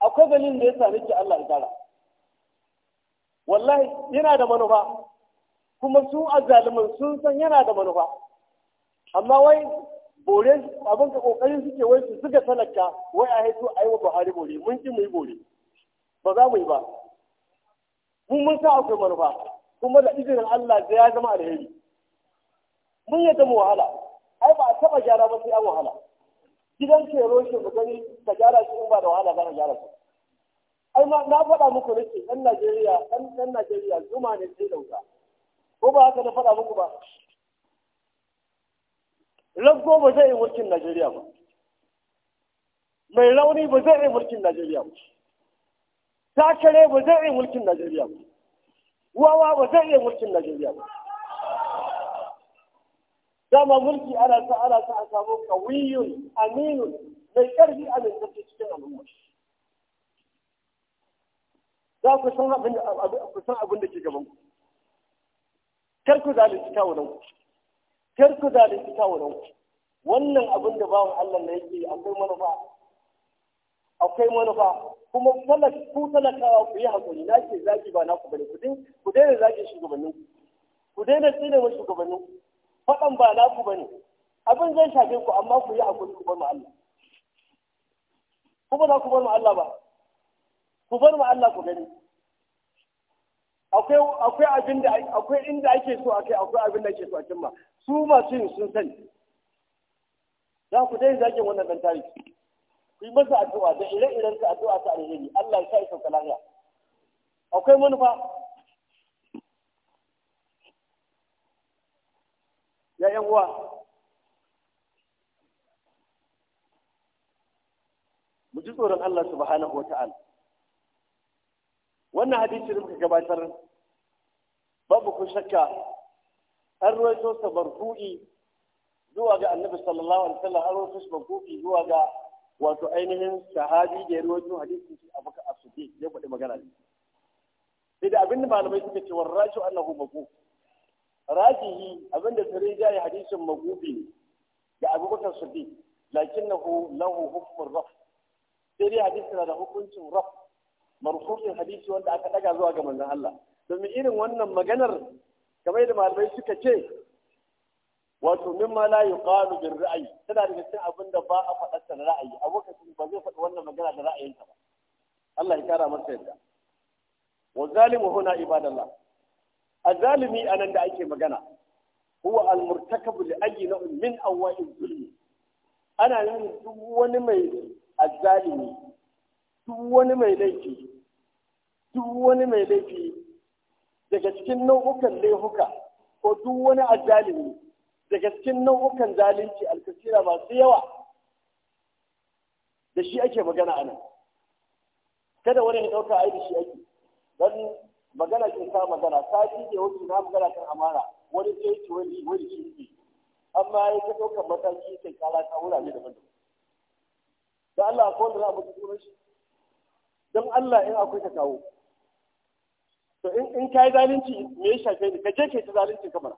akwai dalilin da ya sa nake Allah ya ƙara wallahi yana da manufa kuma su azzaluman sun san yana da manufa amma wai bore abin ka kokarin suke wai su suka talaka wai a haito a yi wa buhari bore mun ki mu yi bore ba za mu yi ba mun mun sa akwai manufa kuma da izinin Allah da ya zama alheri mun yadda mu wahala ai ba a taba gyara ba sai an wahala gidan ke roshe mu gani ka gyara shi in ba da wahala za ka gyara shi ai ma na faɗa muku nake ɗan Najeriya ɗan Najeriya zuma ne sai dauka ko ba haka na faɗa muku ba rago ba zai yi mulkin Najeriya ba mai launi ba zai yi mulkin Najeriya ba takare ba zai yi mulkin Najeriya ba wawa ba zai yi mulkin Najeriya ba dama mulki ana sa ana sa a samu kawiyun aminun mai karfi a mai tafi cikin al'umma za ku san abin da ke gaban ku kar ku zalunci kawo nan ku kar ku zalunci kawunanku wannan abin da bawan Allah ne yake akwai manufa akwai manufa kuma ku talakawa ku yi hakuri na ce zaki ba na ku bane ku din ku daina zaki shugabannin ku daina tsine wa shugabannin faɗan ba na ku bane abin zai shafe ku amma ku yi hakuri ku bar mu Allah ku ba za ku bar mu Allah ba ku bar mu Allah ku gani akwai abin da akwai inda ake so akai akwai abin da ake so a cimma su masu yin sun sani za ku dai zage wannan dan tarihi ku yi masa addu'a da ire-iren su addu'a ta alheri Allah ya sa isa salaya akwai manufa ya yan uwa mu ji tsoron Allah subhanahu wa ta'ala wannan hadisi da muka gabatar babu ku shakka an ruwaito sa marfu'i zuwa ga annabi sallallahu alaihi wasallam an ruwaito sa marfu'i zuwa ga wato ainihin sahabi da ya ruwaito hadisin shi abu ka asuke ya faɗi magana ne sai da abinda malamai suka ce warraju annahu magu rajihi abinda sare yi hadisin magubi ne da abubakar sadiq lakinnahu lahu hukmur raf sai dai hadisin na da hukuncin raf marhufin hadisi wanda aka daga zuwa ga manzon Allah domin irin wannan maganar kamar da malamai suka ce wato mimma la yuqalu bil ra'yi tana da cikin abin da ba a faɗa da ra'ayi abokan ba zai faɗi wannan magana da ra'ayin ba Allah ya kara masa yadda wa zalimu huna ibadallah azalimi anan da ake magana huwa almurtakabu li ayyi min awwa'il zulmi ana yin duk wani mai azalimi duk wani mai laifi duk wani mai laifi daga cikin nau'ukan laifuka ko duk wani azzalimi daga cikin nau'ukan zalunci alkasira masu yawa da shi ake magana a nan kada wani ya ɗauka ai da shi ake don magana ke sa magana ta ji ne wuce na magana kan amara, wani sai ce wani shi wani shi ne amma ya ta ɗaukar mataki kai kala ta wurare daban-daban da Allah ko da za a mutu shi don Allah in akwai ka kawo to in ka yi zalunci me ya shafe ni ka je ka yi ta zalunci kamar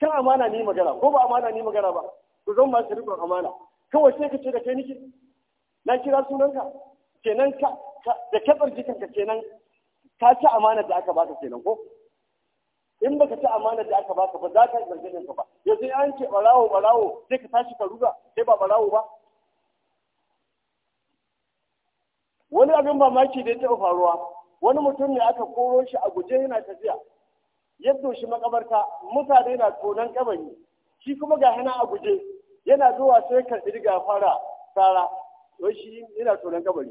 kan amana ni magana ko ba amana ni magana ba ku zan ka rikon amana kawai sai ka ce da kai niki na kira sunanka kenan ka da katsar jikinka kenan ka ci amana da aka baka kenan ko in baka ci amana da aka baka ba za ka yi zargin ka ba yanzu an ce barawo barawo sai ka tashi ka ruga sai ba barawo ba wani abin mamaki da ya taɓa faruwa wani mutum ne aka koro shi a guje yana tafiya yadda shi makabarta mutane na tonan kabari shi kuma ga hana a guje yana zuwa sai karɓi riga fara tsara wai shi yana tonan kabari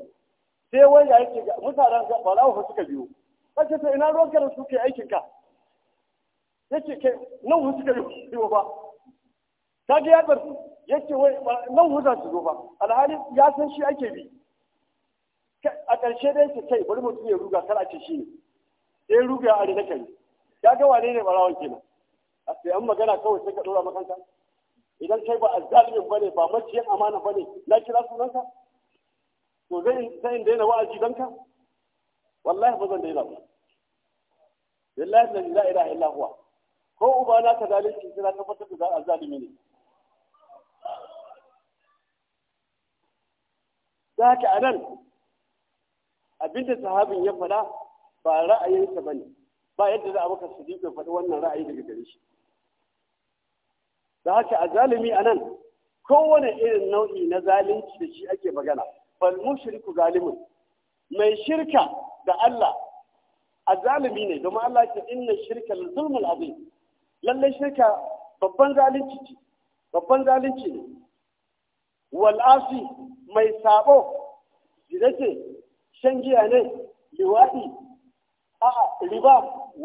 sai wai ya yake mutanen bala'uhu suka biyo kace to ina ruwanka da suke aikin ka yace ke nan hu suka biyo ba kage ya bar yace wai nan hu za su zo ba alhali ya san shi ake bi a ƙarshe dai su kai bari mutum ya ruga kar a ce shi ne sai ruga a rina kai ya ga wane ne barawon kenan a sai an magana kawai sai ka ɗora makanta idan kai ba azzalimin bane ba maciyan amana bane na kira sunanka to zai sai in daina wa'azi dan ka wallahi ba zan daina ba billahi la ilaha illa huwa ko uba na ka zalunci sai na tabbatar da azzalimi ne da haka a nan abinda sahabin ya faɗa ba ra'ayinsa ba ne ba yadda za a maka sadiq ya faɗi wannan ra'ayi daga gare shi da haka a zalimi a nan kowane irin nau'i na zalunci da shi ake magana bal mushriku zalimun mai shirka da Allah a zalimi ne domin Allah ke inna shirka zulmul azim lalle shirka babban zalunci ce babban zalunci ne wal mai sabo jirage shan giya ne liwaɗi a'a riba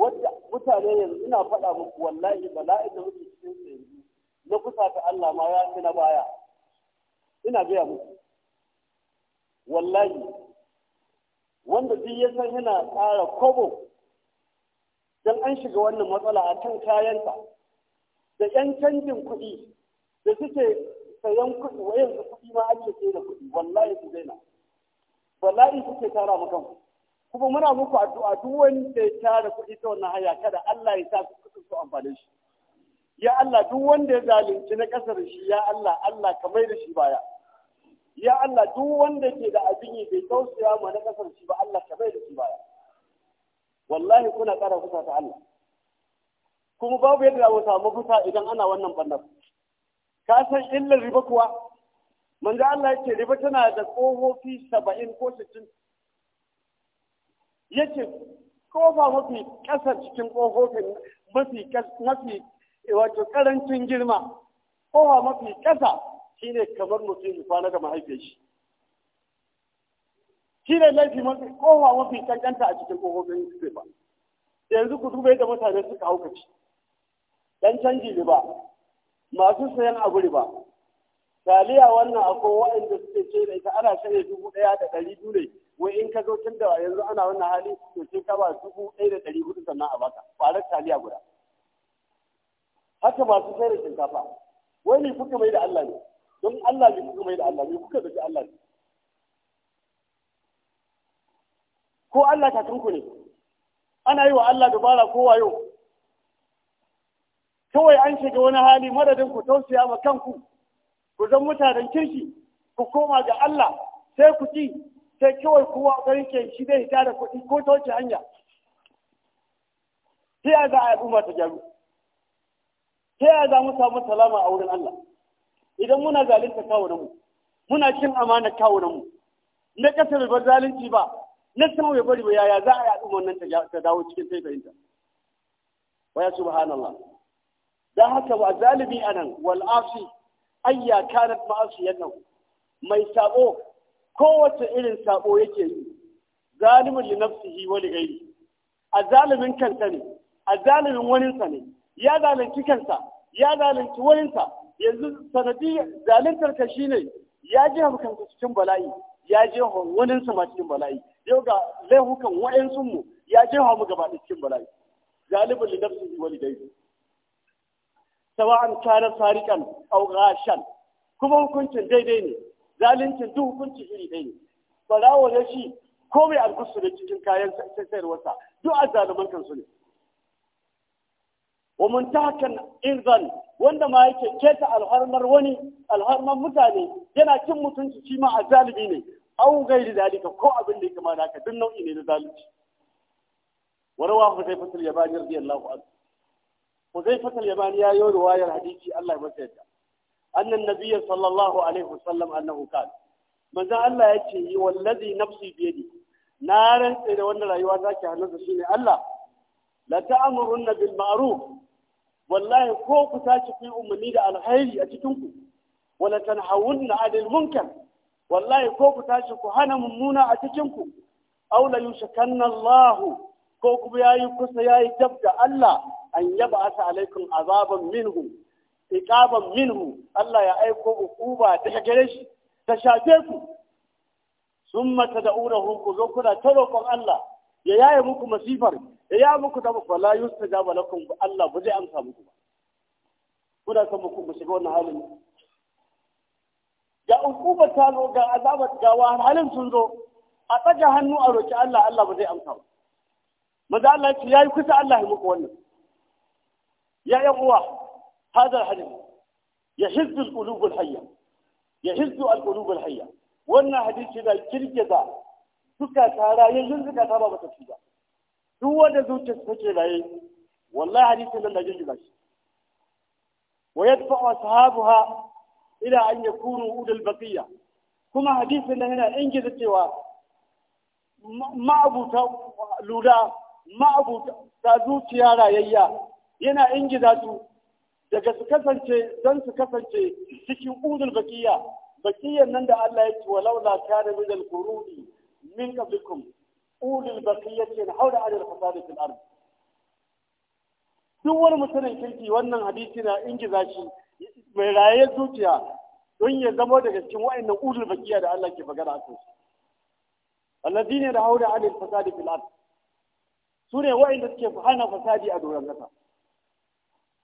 wadda mutane yanzu ina faɗa muku wallahi bala'in da muke cikin yanzu na kusa ta Allah ma ya fi na baya ina gaya muku wallahi wanda duk ya san yana tsara kobo don an shiga wannan matsala a kan kayanta da 'yan canjin kuɗi da suke sayan kuɗi wayan kuɗi ma ake sai da kuɗi wallahi su daina wallahi kuke tara mu kanku kuma muna muku addu'a duk wanda ya tara kuɗi ta wannan haya kada Allah ya sa kuɗin su amfane shi ya Allah duk wanda ya zalunci na ƙasar shi ya Allah Allah ka mai da shi baya ya Allah duk wanda ke da abin yi bai tausaya ma na ƙasar shi ba Allah ka mai da shi baya wallahi kuna ƙara kusa ta Allah kuma babu yadda za mu samu kusa idan ana wannan bannan ka san illar riba kuwa manzo Allah ya ce riba tana da kofofi saba'in ko sittin ya ce kofa mafi ƙasa cikin kofofin mafi mafi wato ƙarancin girma kofa mafi ƙasa shine kamar mutum ya kwana ga mahaifiyar shi ne laifi mafi kofa mafi kankanta a cikin kofofin ba yanzu ku duba yadda mutane suka haukaci dan canji riba masu sayan abu riba taliya wannan akwai waɗanda suke ce da ita ana shirya dubu ɗaya da ɗari biyu ne wai in ka zo tun da yanzu ana wannan hali to sai ka ba dubu ɗaya da ɗari hudu sannan a baka ƙwarar taliya guda haka masu sai da shinkafa wai ni kuka mai da Allah ne don Allah ne kuka mai da Allah ne kuka zaki Allah ne ko Allah kakanku ne ana yi wa Allah dabara kowa yau. kawai an shiga wani hali madadin ku tausiya ma kanku ku zan mutanen kirki ku koma ga Allah sai ku ci sai kawai kowa garke shi zai hita da kuɗi ko ta wace hanya ta yaya za a al'umma ta gyaru ta yaya za mu samu salama a wurin Allah idan muna zalunta kawunanmu muna cin amana kawunanmu na kasar ba zalunci ba na san ya bari ba yaya za a yi al'umma nan ta dawo cikin sai fahimta waya subhanallah dan haka wa zalimi anan wal afi ayya kanat ma'asiyan nan mai sabo kowace irin sabo yake yi zalimin li nafsihi wa li ghairi azalimin kansa ne azalimin waninsa ne ya zalunci kansa ya zalunci waninsa yanzu sanadi zaluntar ka shine ya je kansa cikin bala'i ya je waninsa ma cikin bala'i yau ga laifukan wa'ansu mu ya je mu gaba cikin bala'i zalibin li nafsihi wa li sawa'an kana sariqan aw ghashan kuma hukuncin daidai ne zaluncin duk hukunci iri ɗaya ne barawo da shi ko mai alkusu da cikin kayan sayarwarsa duk azzaluman kansu ne wa muntahakan irzan wanda ma yake keta alharmar wani alharmar mutane yana cin mutunci shi ma a azzalimi ne au gairi zalika ko abin da ya kama da haka duk nau'i ne na zalunci warawa hudayfatul yabani radiyallahu anhu حذيفة اليماني يو رواية الحديث الله يمسيدا أن النبي صلى الله عليه وسلم أنه قال من ذا الله يتشي والذي نفسي بيدي نارا إذا وانا لا يوازاك هنزل شيني الله لا تأمرن بالمعروف والله كوك تاتي في أمني الخير أتتنكو ولا تنحون عن المنكر والله كوك تاتي كهانا ممونا أتتنكو أو لا يشكن الله ko kuma ya yi kusa ya yi dab da Allah an yaba asa alaikun azaban minhu ikaban minhu Allah ya aiko ukuba daga gare shi ta shafe ku da ura hunku zo kuna ta roƙon Allah ya yaya muku masifar ya yaya muku da muku la jaba lakum Allah ba zai amsa muku ba kuna son muku ku shiga wannan halin ga ukuba ta zo ga azabat gawa halin sun zo a tsaga hannu a roƙi Allah Allah ba zai amsa ba maza Allah ya yi yayi kusa Allah ya muku wannan ya yan uwa hadal hadith ya hizzu al hayya ya hizzu al hayya wannan hadisi da kirkiza suka tara yanzu suka tara ba ta ba duk wanda zuciyarsa take raye wallahi hadisin nan na girgiza shi wa yadfa ashabuha ila an yakunu udal baqiya kuma hadisin nan yana ingiza cewa ma'abuta lura ma'abuta zuciya rayayya yana ingiza su daga su kasance don su kasance cikin uzul bakiya bakiyan nan da Allah ya ci walau la kana min al quruni min qablikum ulul bakiyatin hawla al fasadi fil ard duk wani mutumin kirki wannan hadisi na ingiza shi mai raye zuciya don ya zama daga cikin wa'annan ulul bakiya da Allah ke bagara a kansu alladine da hawla al fasadi fil ard su ne wa'inda suke hana fasadi a doron ƙasa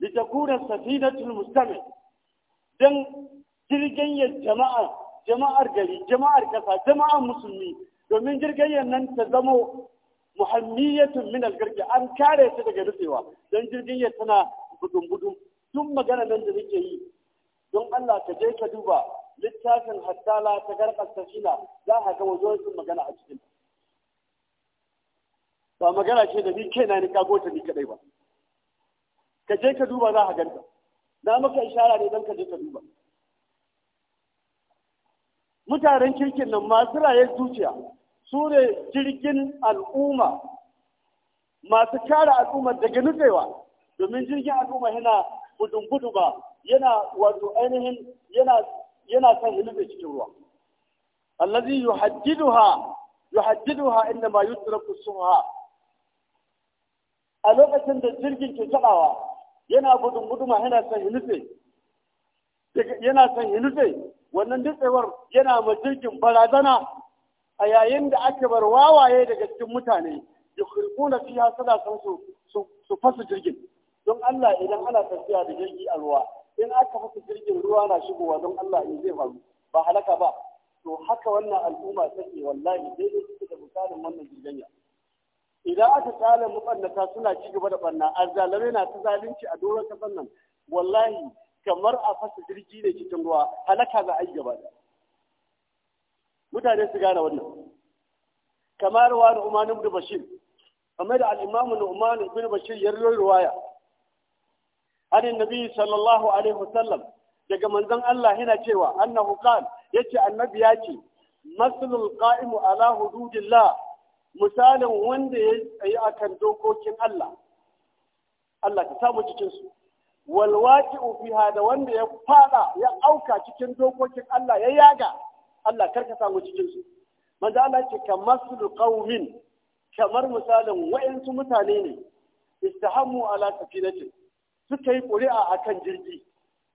litakunan safinatul mustami don jirgin jama'a jama'ar gari jama'ar ƙasa jama'ar musulmi domin jirgin nan ta zama muhammiyatun min algarki an kare ta daga rufewa dan jirgin tana gudun gudun tun magana nan da nake yi don Allah ka je ka duba littafin hattala ta garkar safina za ka ga wajen magana a cikin ba magana ce da ni na ni kago ta ni kadai ba ka je ka duba za ka ganta na maka ishara ne dan ka je ka duba mutanen kirkin nan masu rayar zuciya su ne jirgin al'umma masu kare al'ummar daga nutsewa domin jirgin al'umma yana gudun ba yana wato ainihin yana yana son hilin cikin ruwa allazi yuhaddiduha yuhaddiduha inda ma yutraku suha a lokacin da jirgin ke taɓawa yana gudun guduma yana son nufe yana son nufe wannan dutsewar yana ma jirgin barazana a yayin da ake bar wawaye daga cikin mutane kuna fiha suna san su su fasa jirgin don Allah idan ana tafiya da jirgi a ruwa in aka fasa jirgin ruwa na shigowa don Allah in zai faru ba halaka ba to haka wannan al'umma take wallahi daidai suke da misalin wannan jirgin idan aka tsala mabannata suna ci gaba da banna azzalame na ta zalunci a doron kasan nan wallahi kamar a fasa jirgi da cikin ruwa halaka za a yi gaba da mutane su gane wannan kamar wa da Umar ibn Bashir kamar da al-Imam Umar ibn Bashir ya riwaya an nabi sallallahu alaihi wasallam daga manzon Allah yana cewa annahu qala yace annabi yace ce maslul qa'imu ala hududillah misalin wanda ya tsaye kan dokokin Allah Allah ka samu cikinsu walwaki ufiha da wanda ya fada ya auka cikin dokokin Allah ya yaga Allah karka samu cikinsu manzo Allah ce kamar su qaumin kamar misalin wa'ansu mutane ne istahammu ala ce. suka yi ƙuri'a akan jirgi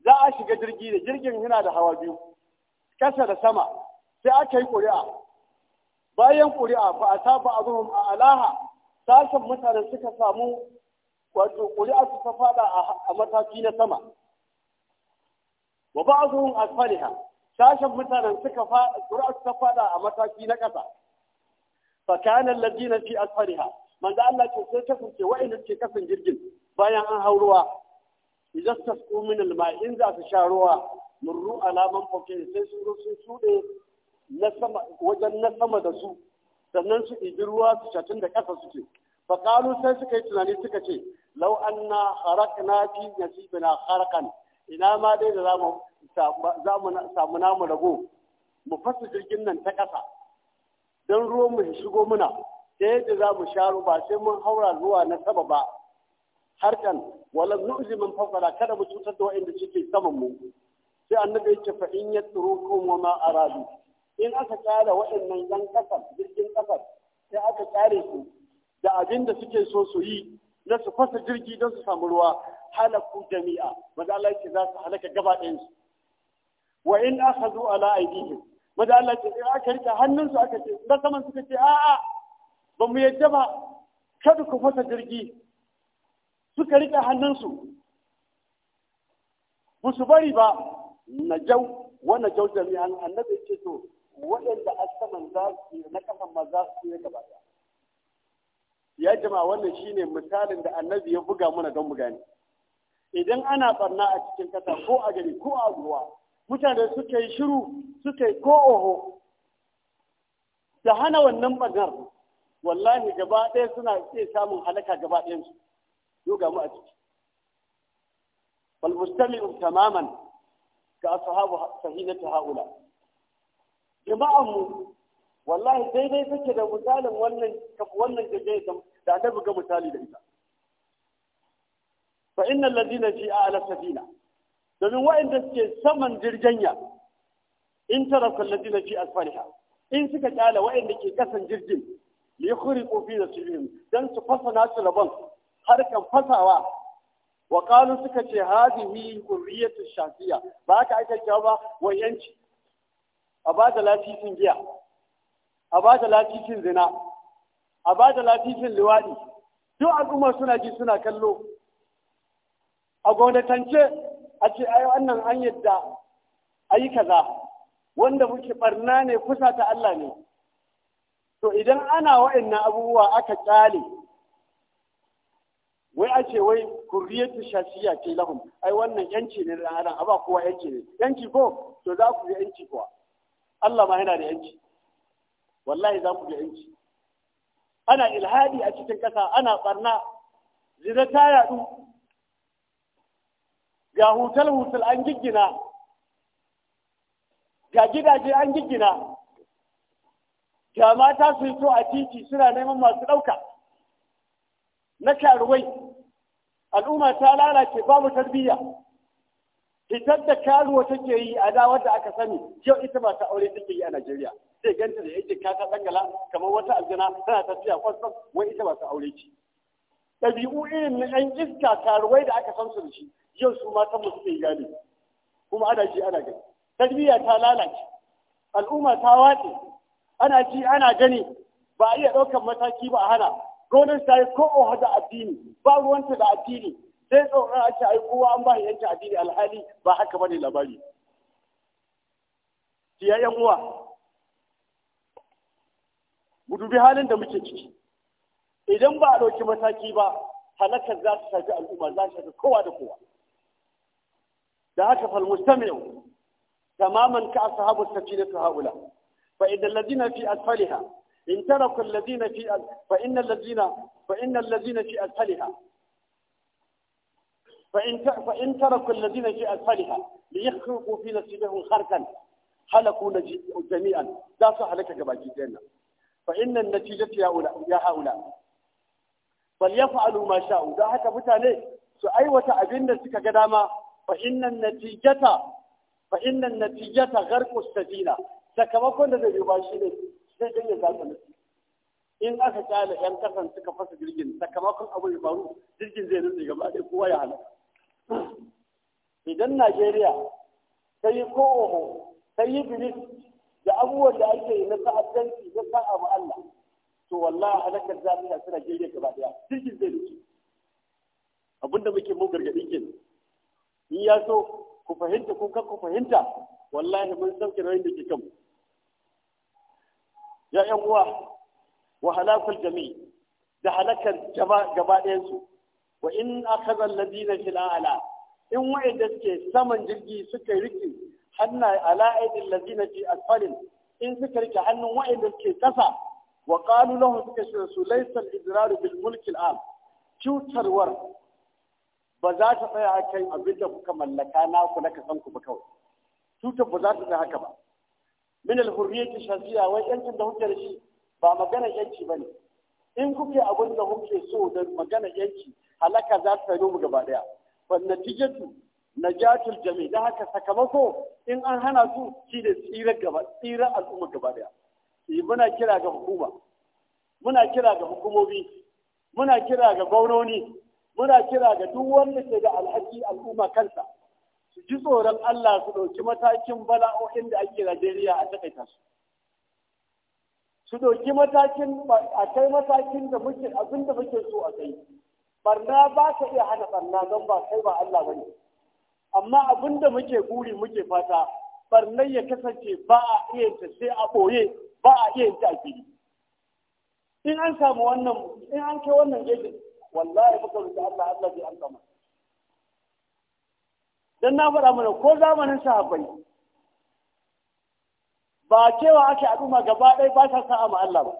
za a shiga jirgi da jirgin yana da hawa biyu Ƙasa da sama sai aka yi ƙuri'a bayan ƙuri'a fa a zuwa a alaha sashen mutane suka samu wato ƙuri'a su ta fada a mataki na sama wa ba azuhum asfaliha sashen mutanen suka ƙuri'a su ta fada a mataki na ƙasa fa kana alladina fi faliha manzo Allah ce sai kasance wa'inda ke kasan jirgin bayan an hau ruwa idan tasqu min in za su sha ruwa murru alaman fauke sai su sun shuɗe wajen na sama da su sannan su ɗibi ruwa su shatin da ƙasa suke fakalu sai suka yi tunani suka ce lau an na harakna fi harakan ina ma dai da za mu samu namu rago mu fasa jirgin nan ta ƙasa don ruwan mu shigo muna ta yadda za mu sha ba sai mun haura zuwa na sama ba harkan walam nu'zi min fafara kada mu cutar da wa'inda suke saman mu sai annabi ya ce fa in yatrukum wa ma aradu in aka tsara waɗannan ɗan ƙasar jirgin ƙasar sai aka tsare su da abin da suke so su yi na su fasa jirgi don su samu ruwa halaku jami'a maza Allah ce za su halaka gaba ɗayansu wa in aka zo ala aidihim maza Allah ce in aka rike hannunsu aka ce na saman suka ce a'a ba mu yadda ba kada ku fasa jirgi suka rike hannunsu ba su bari ba na jau wa na jau jami'an annabi ce to waɗanda a saman za su na ƙasan ma za su yi gaba ya jama wannan shine misalin da annabi ya buga mana don mu gane idan ana barna a cikin ƙasa ko a gari ko a ruwa mutane suka yi shiru suka yi ko oho da hana wannan barnar wallahi gaba ɗaya suna iya samun halaka gaba ɗayansu yau ga mu a ciki bal mustami'u tamaman ga ashabu sahinatu haula jama'anmu wallahi daidai take da misalin wannan wannan gaje da annabi ga misali da ita fa innal ladina fi ala safina domin wa'anda suke saman jirginya in taraka alladina fi asfaliha in suka kyala wa'anda ke kasan jirgin li khuriqu fi nasibihim dan su fasa nasu rabon harkan fasawa wa qalu suka ce hadhihi hurriyatu shafiya ba haka ake cewa ba wayanci a ba ta lasisin giya a ba ta lasisin zina a ba ta lasisin liwaɗi duk al'ummar suna ji suna kallo a gwamnatance a ce ai wannan an yadda a yi kaza wanda muke barna ne kusa ta Allah ne to idan ana wa'annan abubuwa aka kyale wai a ce wai kuriyatu shasiya ce lahum ai wannan yanci ne da adam a ba kowa yanci ne yanci ko to za ku yi yanci kuwa Allah ma yana da yanci wallahi za ku da yanci ana ilhadi a cikin ƙasa ana barna zina ta yaɗu ga hutal-hutal an giggina ga gidaje an giggina ga mata su to a titi suna neman masu ɗauka na karuwai al'umma ta lalace babu tarbiyya fitar da karuwa take yi a da wanda aka sani yau ita ba ta aure take yi a Najeriya sai ganta da yake ka ta dangala kamar wata aljana tana tafiya kwatsam wai ita ba ta aure ce ɗabi'u irin na ɗan iska karuwai da aka san su da shi yau su matan mu suke gane kuma ana ji ana gani tarbiyya ta lalace al'umma ta watse ana ji ana gani ba a iya ɗaukar mataki ba a hana gwamnati ta yi ko da addini ba ruwanta da addini sai tsoron ake ai kowa an ba yanci addini alhali ba haka bane labari tiya yan uwa gudubi halin da muke ciki idan ba a ɗauki mataki ba halakar za su shafi al'umma za su shafi kowa da kowa da haka fal mustami'u tamaman ka ashabu ta haula fa idan ladina fi asfaliha in taraka ladina fi fa inna ladina fa inna ladina fi asfaliha فإن فإن تركوا الذين في أسفلها ليخلقوا في نفسهم خرقا هلكوا جميعا لا سهلك جباجي دينا فإن النتيجة يا هؤلاء يا هؤلاء فليفعلوا ما شاءوا ده هكا متاني سأي وتأبين نسك قداما فإن النتيجة فإن النتيجة غرق السفينة sakamakon da zai yi bashi ne sai dan ya zaka nutsi in aka kyale yan kasan suka fasa jirgin sakamakon abu ya faru jirgin zai nutsi gaba ɗaya kowa ya halaka idan najeriya ta yi kowane ta yi bilis da abubuwan da ake yi na ta'addanci na sa'a ma Allah to wallahi halakar za ta yi najeriya gaba daya jirgin zai rufe abinda muke mun gargaɗi ke in ya so ku fahimta ko kan ku fahimta wallahi mun sauke rai da ke kanmu ya yan uwa wa halakul jami'i da halakar gaba ɗayansu wa in akhadha alladhina fil a'la in wa'ida suke saman jirgi suka riki hanna ala aidil ladina fi asfalin in suka rike hannun wa'ida suke kasa wa qalu lahum suka ce su laysa al-idrar bil mulk al cutarwar ba za ta tsaya a kan abin da kuka mallaka na ku na kasan ku ba kawai cutar ba za ta tsaya haka ba min al-hurriyyati shafiya wai yancin da kuke shi ba magana yanci bane in kuke abin da muke so da magana yanki halaka za ta yi mu gaba daya na tijatu najatul jami da haka sakamako in an hana su shi da tsira gaba tsira al'umma gaba daya eh, muna kira ga hukuma muna kira ga hukumomi muna kira ga gwamnoni muna kira ga duk wanda ke da alhaki al'umma kansa su ji tsoron Allah su ɗauki matakin bala'o'in da ake Najeriya a takaita su su doki matakin a kai matakin da muke abin da muke so a kai barna ba ka iya hana barna don ba kai ba Allah bane amma abin da muke guri muke fata barna ya kasance ba a iya ta sai a boye ba a iya ta a in an samu wannan in an kai wannan gidi wallahi muka rubuta Allah Allah zai an kama dan na faɗa mana ko zamanin sahabbai ba cewa ake al'umma gaba ɗaya ba sa sa'a ma Allah ba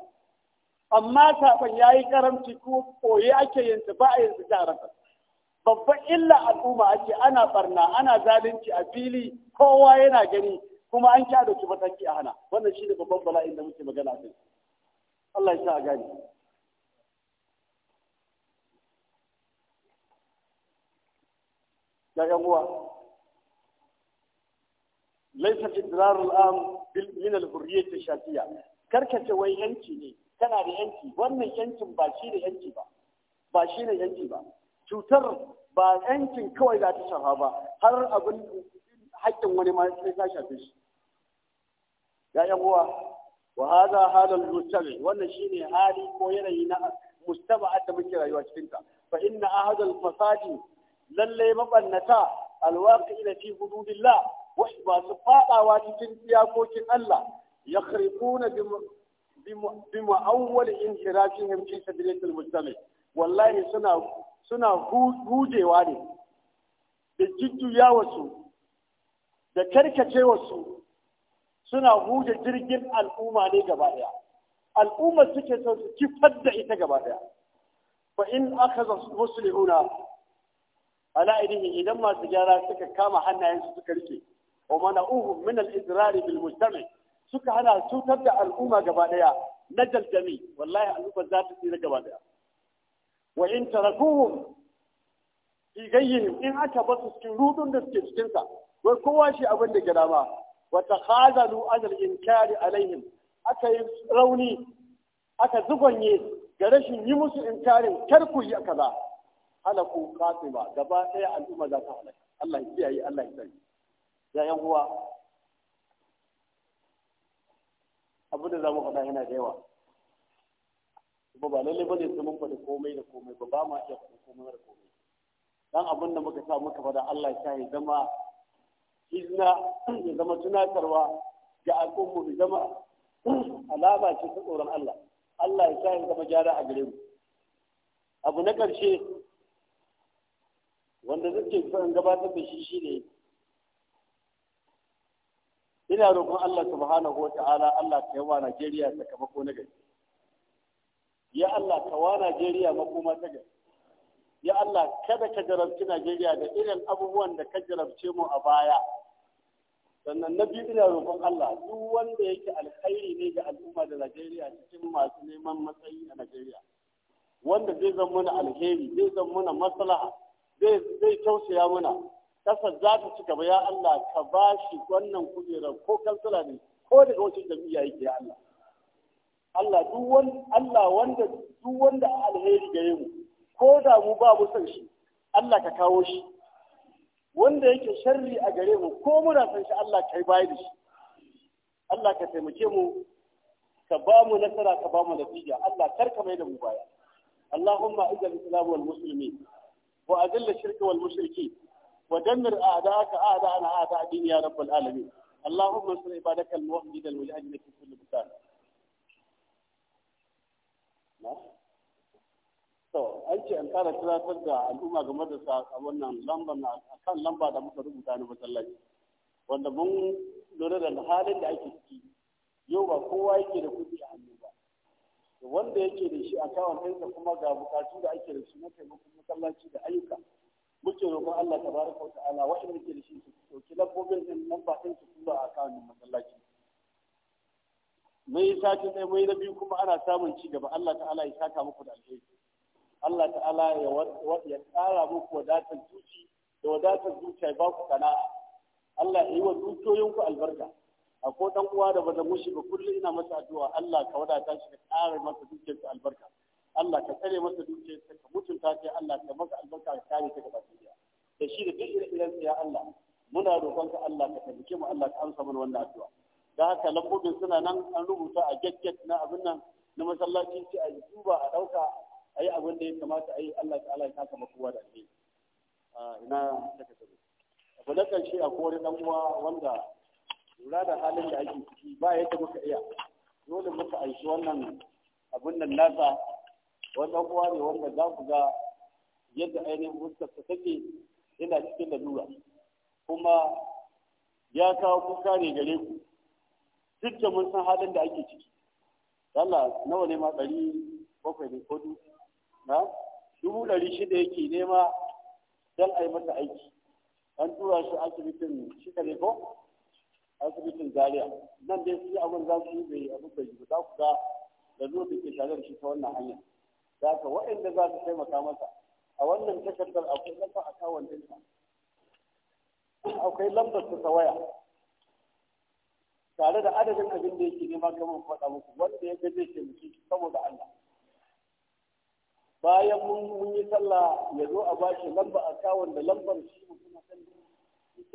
amma ya yayi karamci ko koye ake yin ba a yin ta rasa babban illa al'umma ake ana barna ana zalunci a fili kowa yana gani kuma an kya dauki mataki a hana wannan shine babban bala'in da muke magana kai Allah ya sa a gani ya uwa laifin idrar al'am min al-hurriyyah ash-shafiyya karkace wai yanci ne kana da yanci wannan yancin ba shi da yanci ba cutar ba yancin kawai za ta shafa ba har abin haƙƙin wani ma sai ta shafe shi ya yan uwa wa hada halal mustami wannan shine hari ko yanayi na mustaba da muke rayuwa cikin ta fa inna ahadal fasadi lallai mabannata alwaqina fi hududillah wa su fadawa cikin iyakokin Allah Ya yakhrifuna bi mu'awwal inhirafihim fi sabilil mustami wallahi suna suna hujewa ne da jujjuya wasu da karkace wasu suna huje jirgin al'umma ne gaba daya al'umma suke son su kifar da ita gaba daya fa in akhadha muslihuna ala idihi idan masu gyara suka kama hannayensu suka rike wa uhu min al-izrari bil mujtami suka hana cutar da al'umma gaba daya na daldami. wallahi al'umma za ta tsira gaba daya wa in tarakuhum fi gayyihim in aka basu cikin rudun da suke cikin sa wai kowa shi abin da gida ma wa takhazalu azal inkari alaihim aka yi rauni aka zuganye ga rashin yi musu inkarin kar ku yi kaza halaku qatima gaba ɗaya al'umma za ta halaka Allah ya kiyaye Allah ya tsare ya yan uwa abin da zamu faɗa yana da yawa kuma ba lalle bane su mun faɗi komai da komai ba ba ma iya faɗi komai da komai dan abin da muka sa muka faɗa Allah ya ya zama izna ya zama tunatarwa ga al'ummu da zama alama ce ta tsoron Allah Allah ya sa ya zama gyara a gare mu abu na ƙarshe wanda zake son gabatar da shi shine ina roƙon Allah subhanahu wa ta'ala Allah ka yawa Najeriya sakamako na gari ya Allah ka wa Najeriya makoma ta gari ya Allah kada ka jarabci Najeriya da irin abubuwan da ka jarabce mu a baya sannan na biyu ina roƙon Allah duk wanda yake alkhairi ne ga al'umma da Najeriya cikin masu neman matsayi a Najeriya wanda zai zama mana alheri zai zama mana maslaha zai tausaya mana kasar za ta ci gaba ya Allah ka ba shi wannan kujerar ko kansila ne ko daga wacce jami'a yake ya Allah Allah duk wanda Allah alheri gare mu ko da mu ba mu san shi Allah ka kawo shi wanda yake sharri a gare mu ko muna san shi Allah ka yi bayi da shi Allah ka taimake mu ka ba mu nasara ka ba mu natija Allah kar mai da mu baya اللهم اعز الاسلام والمسلمين وأذل الشرك والمشركين ودمر أعداءك أعداءنا أعداء الدين يا رب العالمين اللهم انصر عبادك الموحدين المجاهدين في كل مكان an ce an kara tunatar da al'umma game da sakon lamba na akan lamba da muka rubuta na masallaci wanda mun lura da halin da ake ciki yau ba kowa yake da kuɗi a hannu wanda yake da shi a kawon ɗinsa kuma ga bukatu da ake da su na taimakon masallaci da ayyuka muke roƙon Allah ta baraka wa ta'ala waɗanda ke da shi su ɗauki lambobin ɗin nan ba ɗin su tura a kawon masallaci mai satin ɗaya mai na biyu kuma ana samun ci gaba Allah ta'ala ya saka muku da alheri Allah ta'ala ya tsara muku wadatar zuci da wadatar zuciya ba ku sana'a Allah ya yi wa dukiyoyinku albarka a ko dan uwa da bada mushi ba kullum ina masa addu'a Allah ka wadata shi ka kare masa dukiyarsa albarka Allah ka tsare masa dukiyarsa ka mutunta shi Allah ka masa albarka ka kare ta gaba ɗaya da shi da duk irin ya Allah muna ka Allah ka tabbike mu Allah ka amsa mana wannan addu'a da haka lambobin suna nan an rubuta a gaggat na abin nan na masallaci sai a duba a ɗauka a yi abin da ya kamata a yi Allah ta'ala ya saka makowa da alheri ah, ina ta sabu abu da kan shi a kore dan uwa wanda lura da halin da ake ciki ba yadda muka iya dole muka aiki wannan abin nan nasa wanda kuwa ne wanda za ku ga yadda ainihin fuskar ta take yana cikin da lura kuma ya kawo kuka ne gare ku duk da mun san halin da ake ciki Allah nawa ne ma ɗari bakwai ne ko na dubu ɗari shida yake nema don a yi masa aiki an tura shi asibitin shi ne ko asibitin zaria nan dai su abin za su yi bai abin bai ba za ku ga da zo da ke tare shi ta wannan hanya za ka wa'inda za su taimaka masa a wannan takardar akwai lamba a kawon dinsa akwai lambar su ta waya tare da adadin abin da yake nema kamar faɗa muku wanda ya ga zai taimaki saboda Allah bayan mun yi sallah ya zo a bashi lamba a kawon da lambar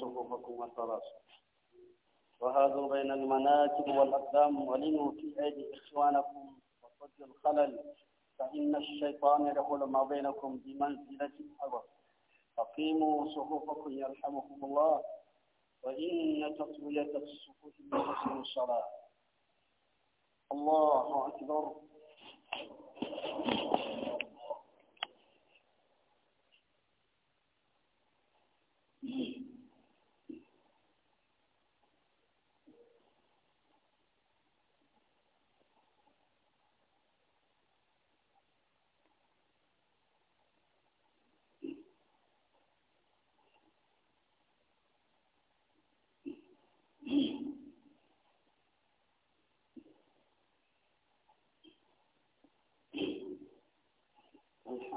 صفوفكم والتراصوا وهذا بين المناكب والأقدام ولنوا في أيدي إخوانكم وصد الخلل فإن الشيطان يقول ما بينكم بمنزلة الحجر أقيموا صفوفكم يرحمكم الله وإن تطوية الصفوف من الصلاة الله أكبر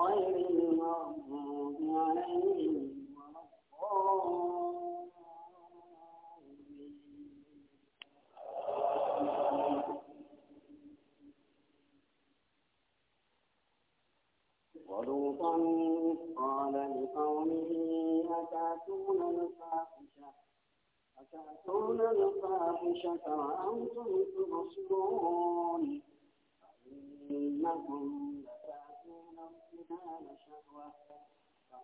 ولوطا قال لقومه أتأتون الفاحشة أتأتون الفاحشة وأنتم تبصرون أنكم الرجال شهوة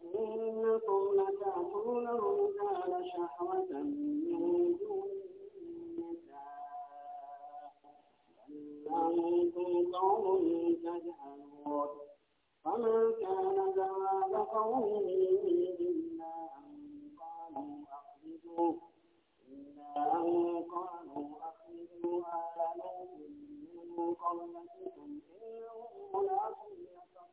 وإنكم لتأتون الرجال شهوة من دون النساء بل أنتم قوم تجهلون فما كان جواب قومه إلا أن قالوا أخرجوا إلا أن قالوا أخرجوا آل من قريتكم إنهم منافقون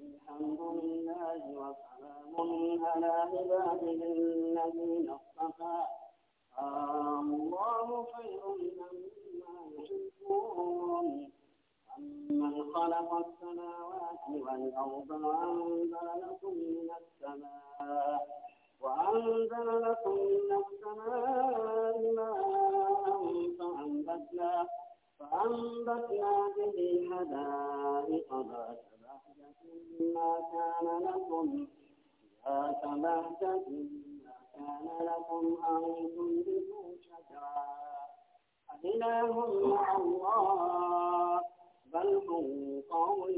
الحمد لله وسلام على عباده الذين اصطفى الله خير عما يشركون أمن خلق السماوات والأرض وأنزل لكم من السماء وأنزل لكم من السماء ماء فأنبتنا فأنبتنا به حدائق ذات بهجة ما كان لكم ذات بهجة ما كان لكم أن تنبتوا شجرا أإله مع الله بل هم قوم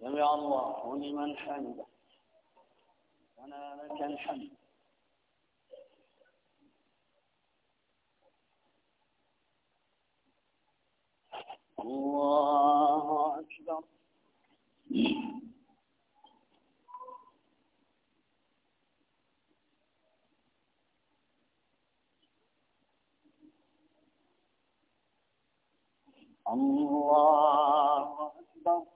سمع الله لمن حمده أنا لك الحمد الله أكبر الله أكبر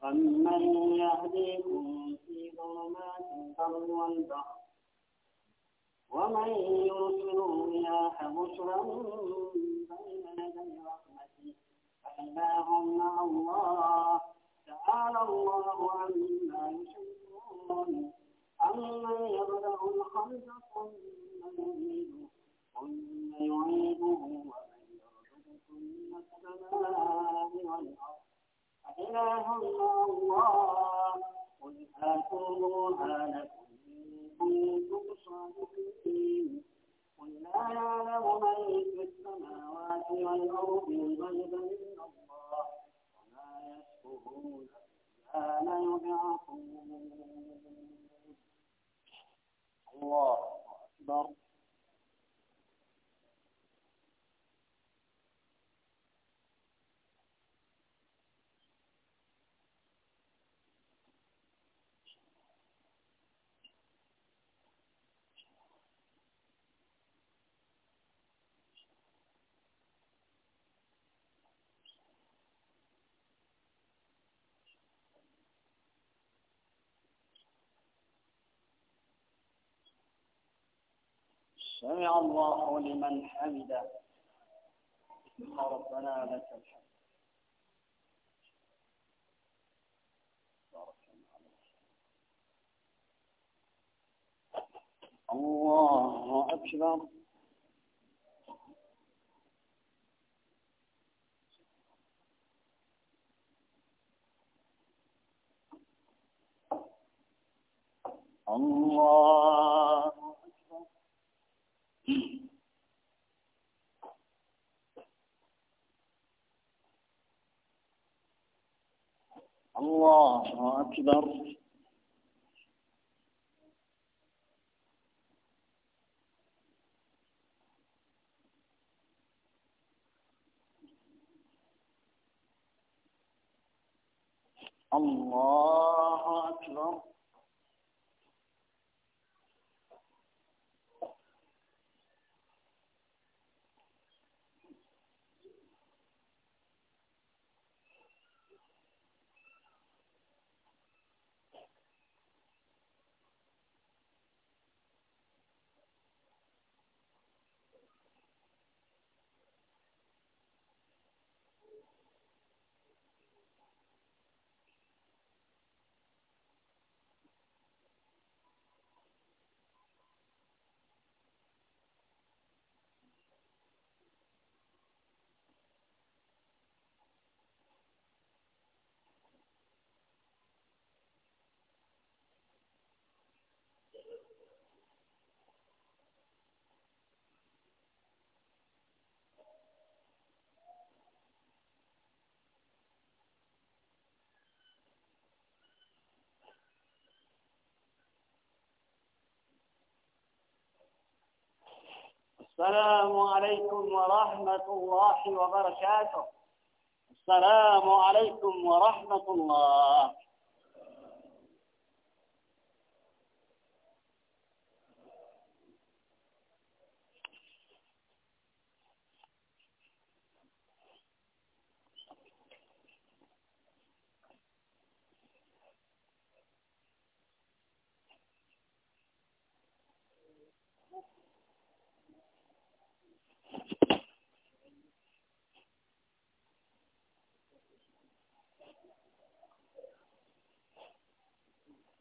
فمن يهديكم في ظلمات البر والبحر ومن يرسل الرياح بشرا بين يدي رحمته فإله مع الله تعالى الله عما يشركون أمن يبدأ الخلق ثم يعيده ثم يعيده ومن يرزقكم من السماء والأرض إله إلا الله قل هاتوا برهانكم إن كنتم صادقين قل لا يعلم من في السماوات والأرض الغيب إلا الله وما يشكرون إلا يبعثون الله أكبر سمع الله لمن حمده ربنا لك الحمد الله أكبر الله الله أكبر الله السلام عليكم ورحمة الله وبركاته السلام عليكم ورحمة الله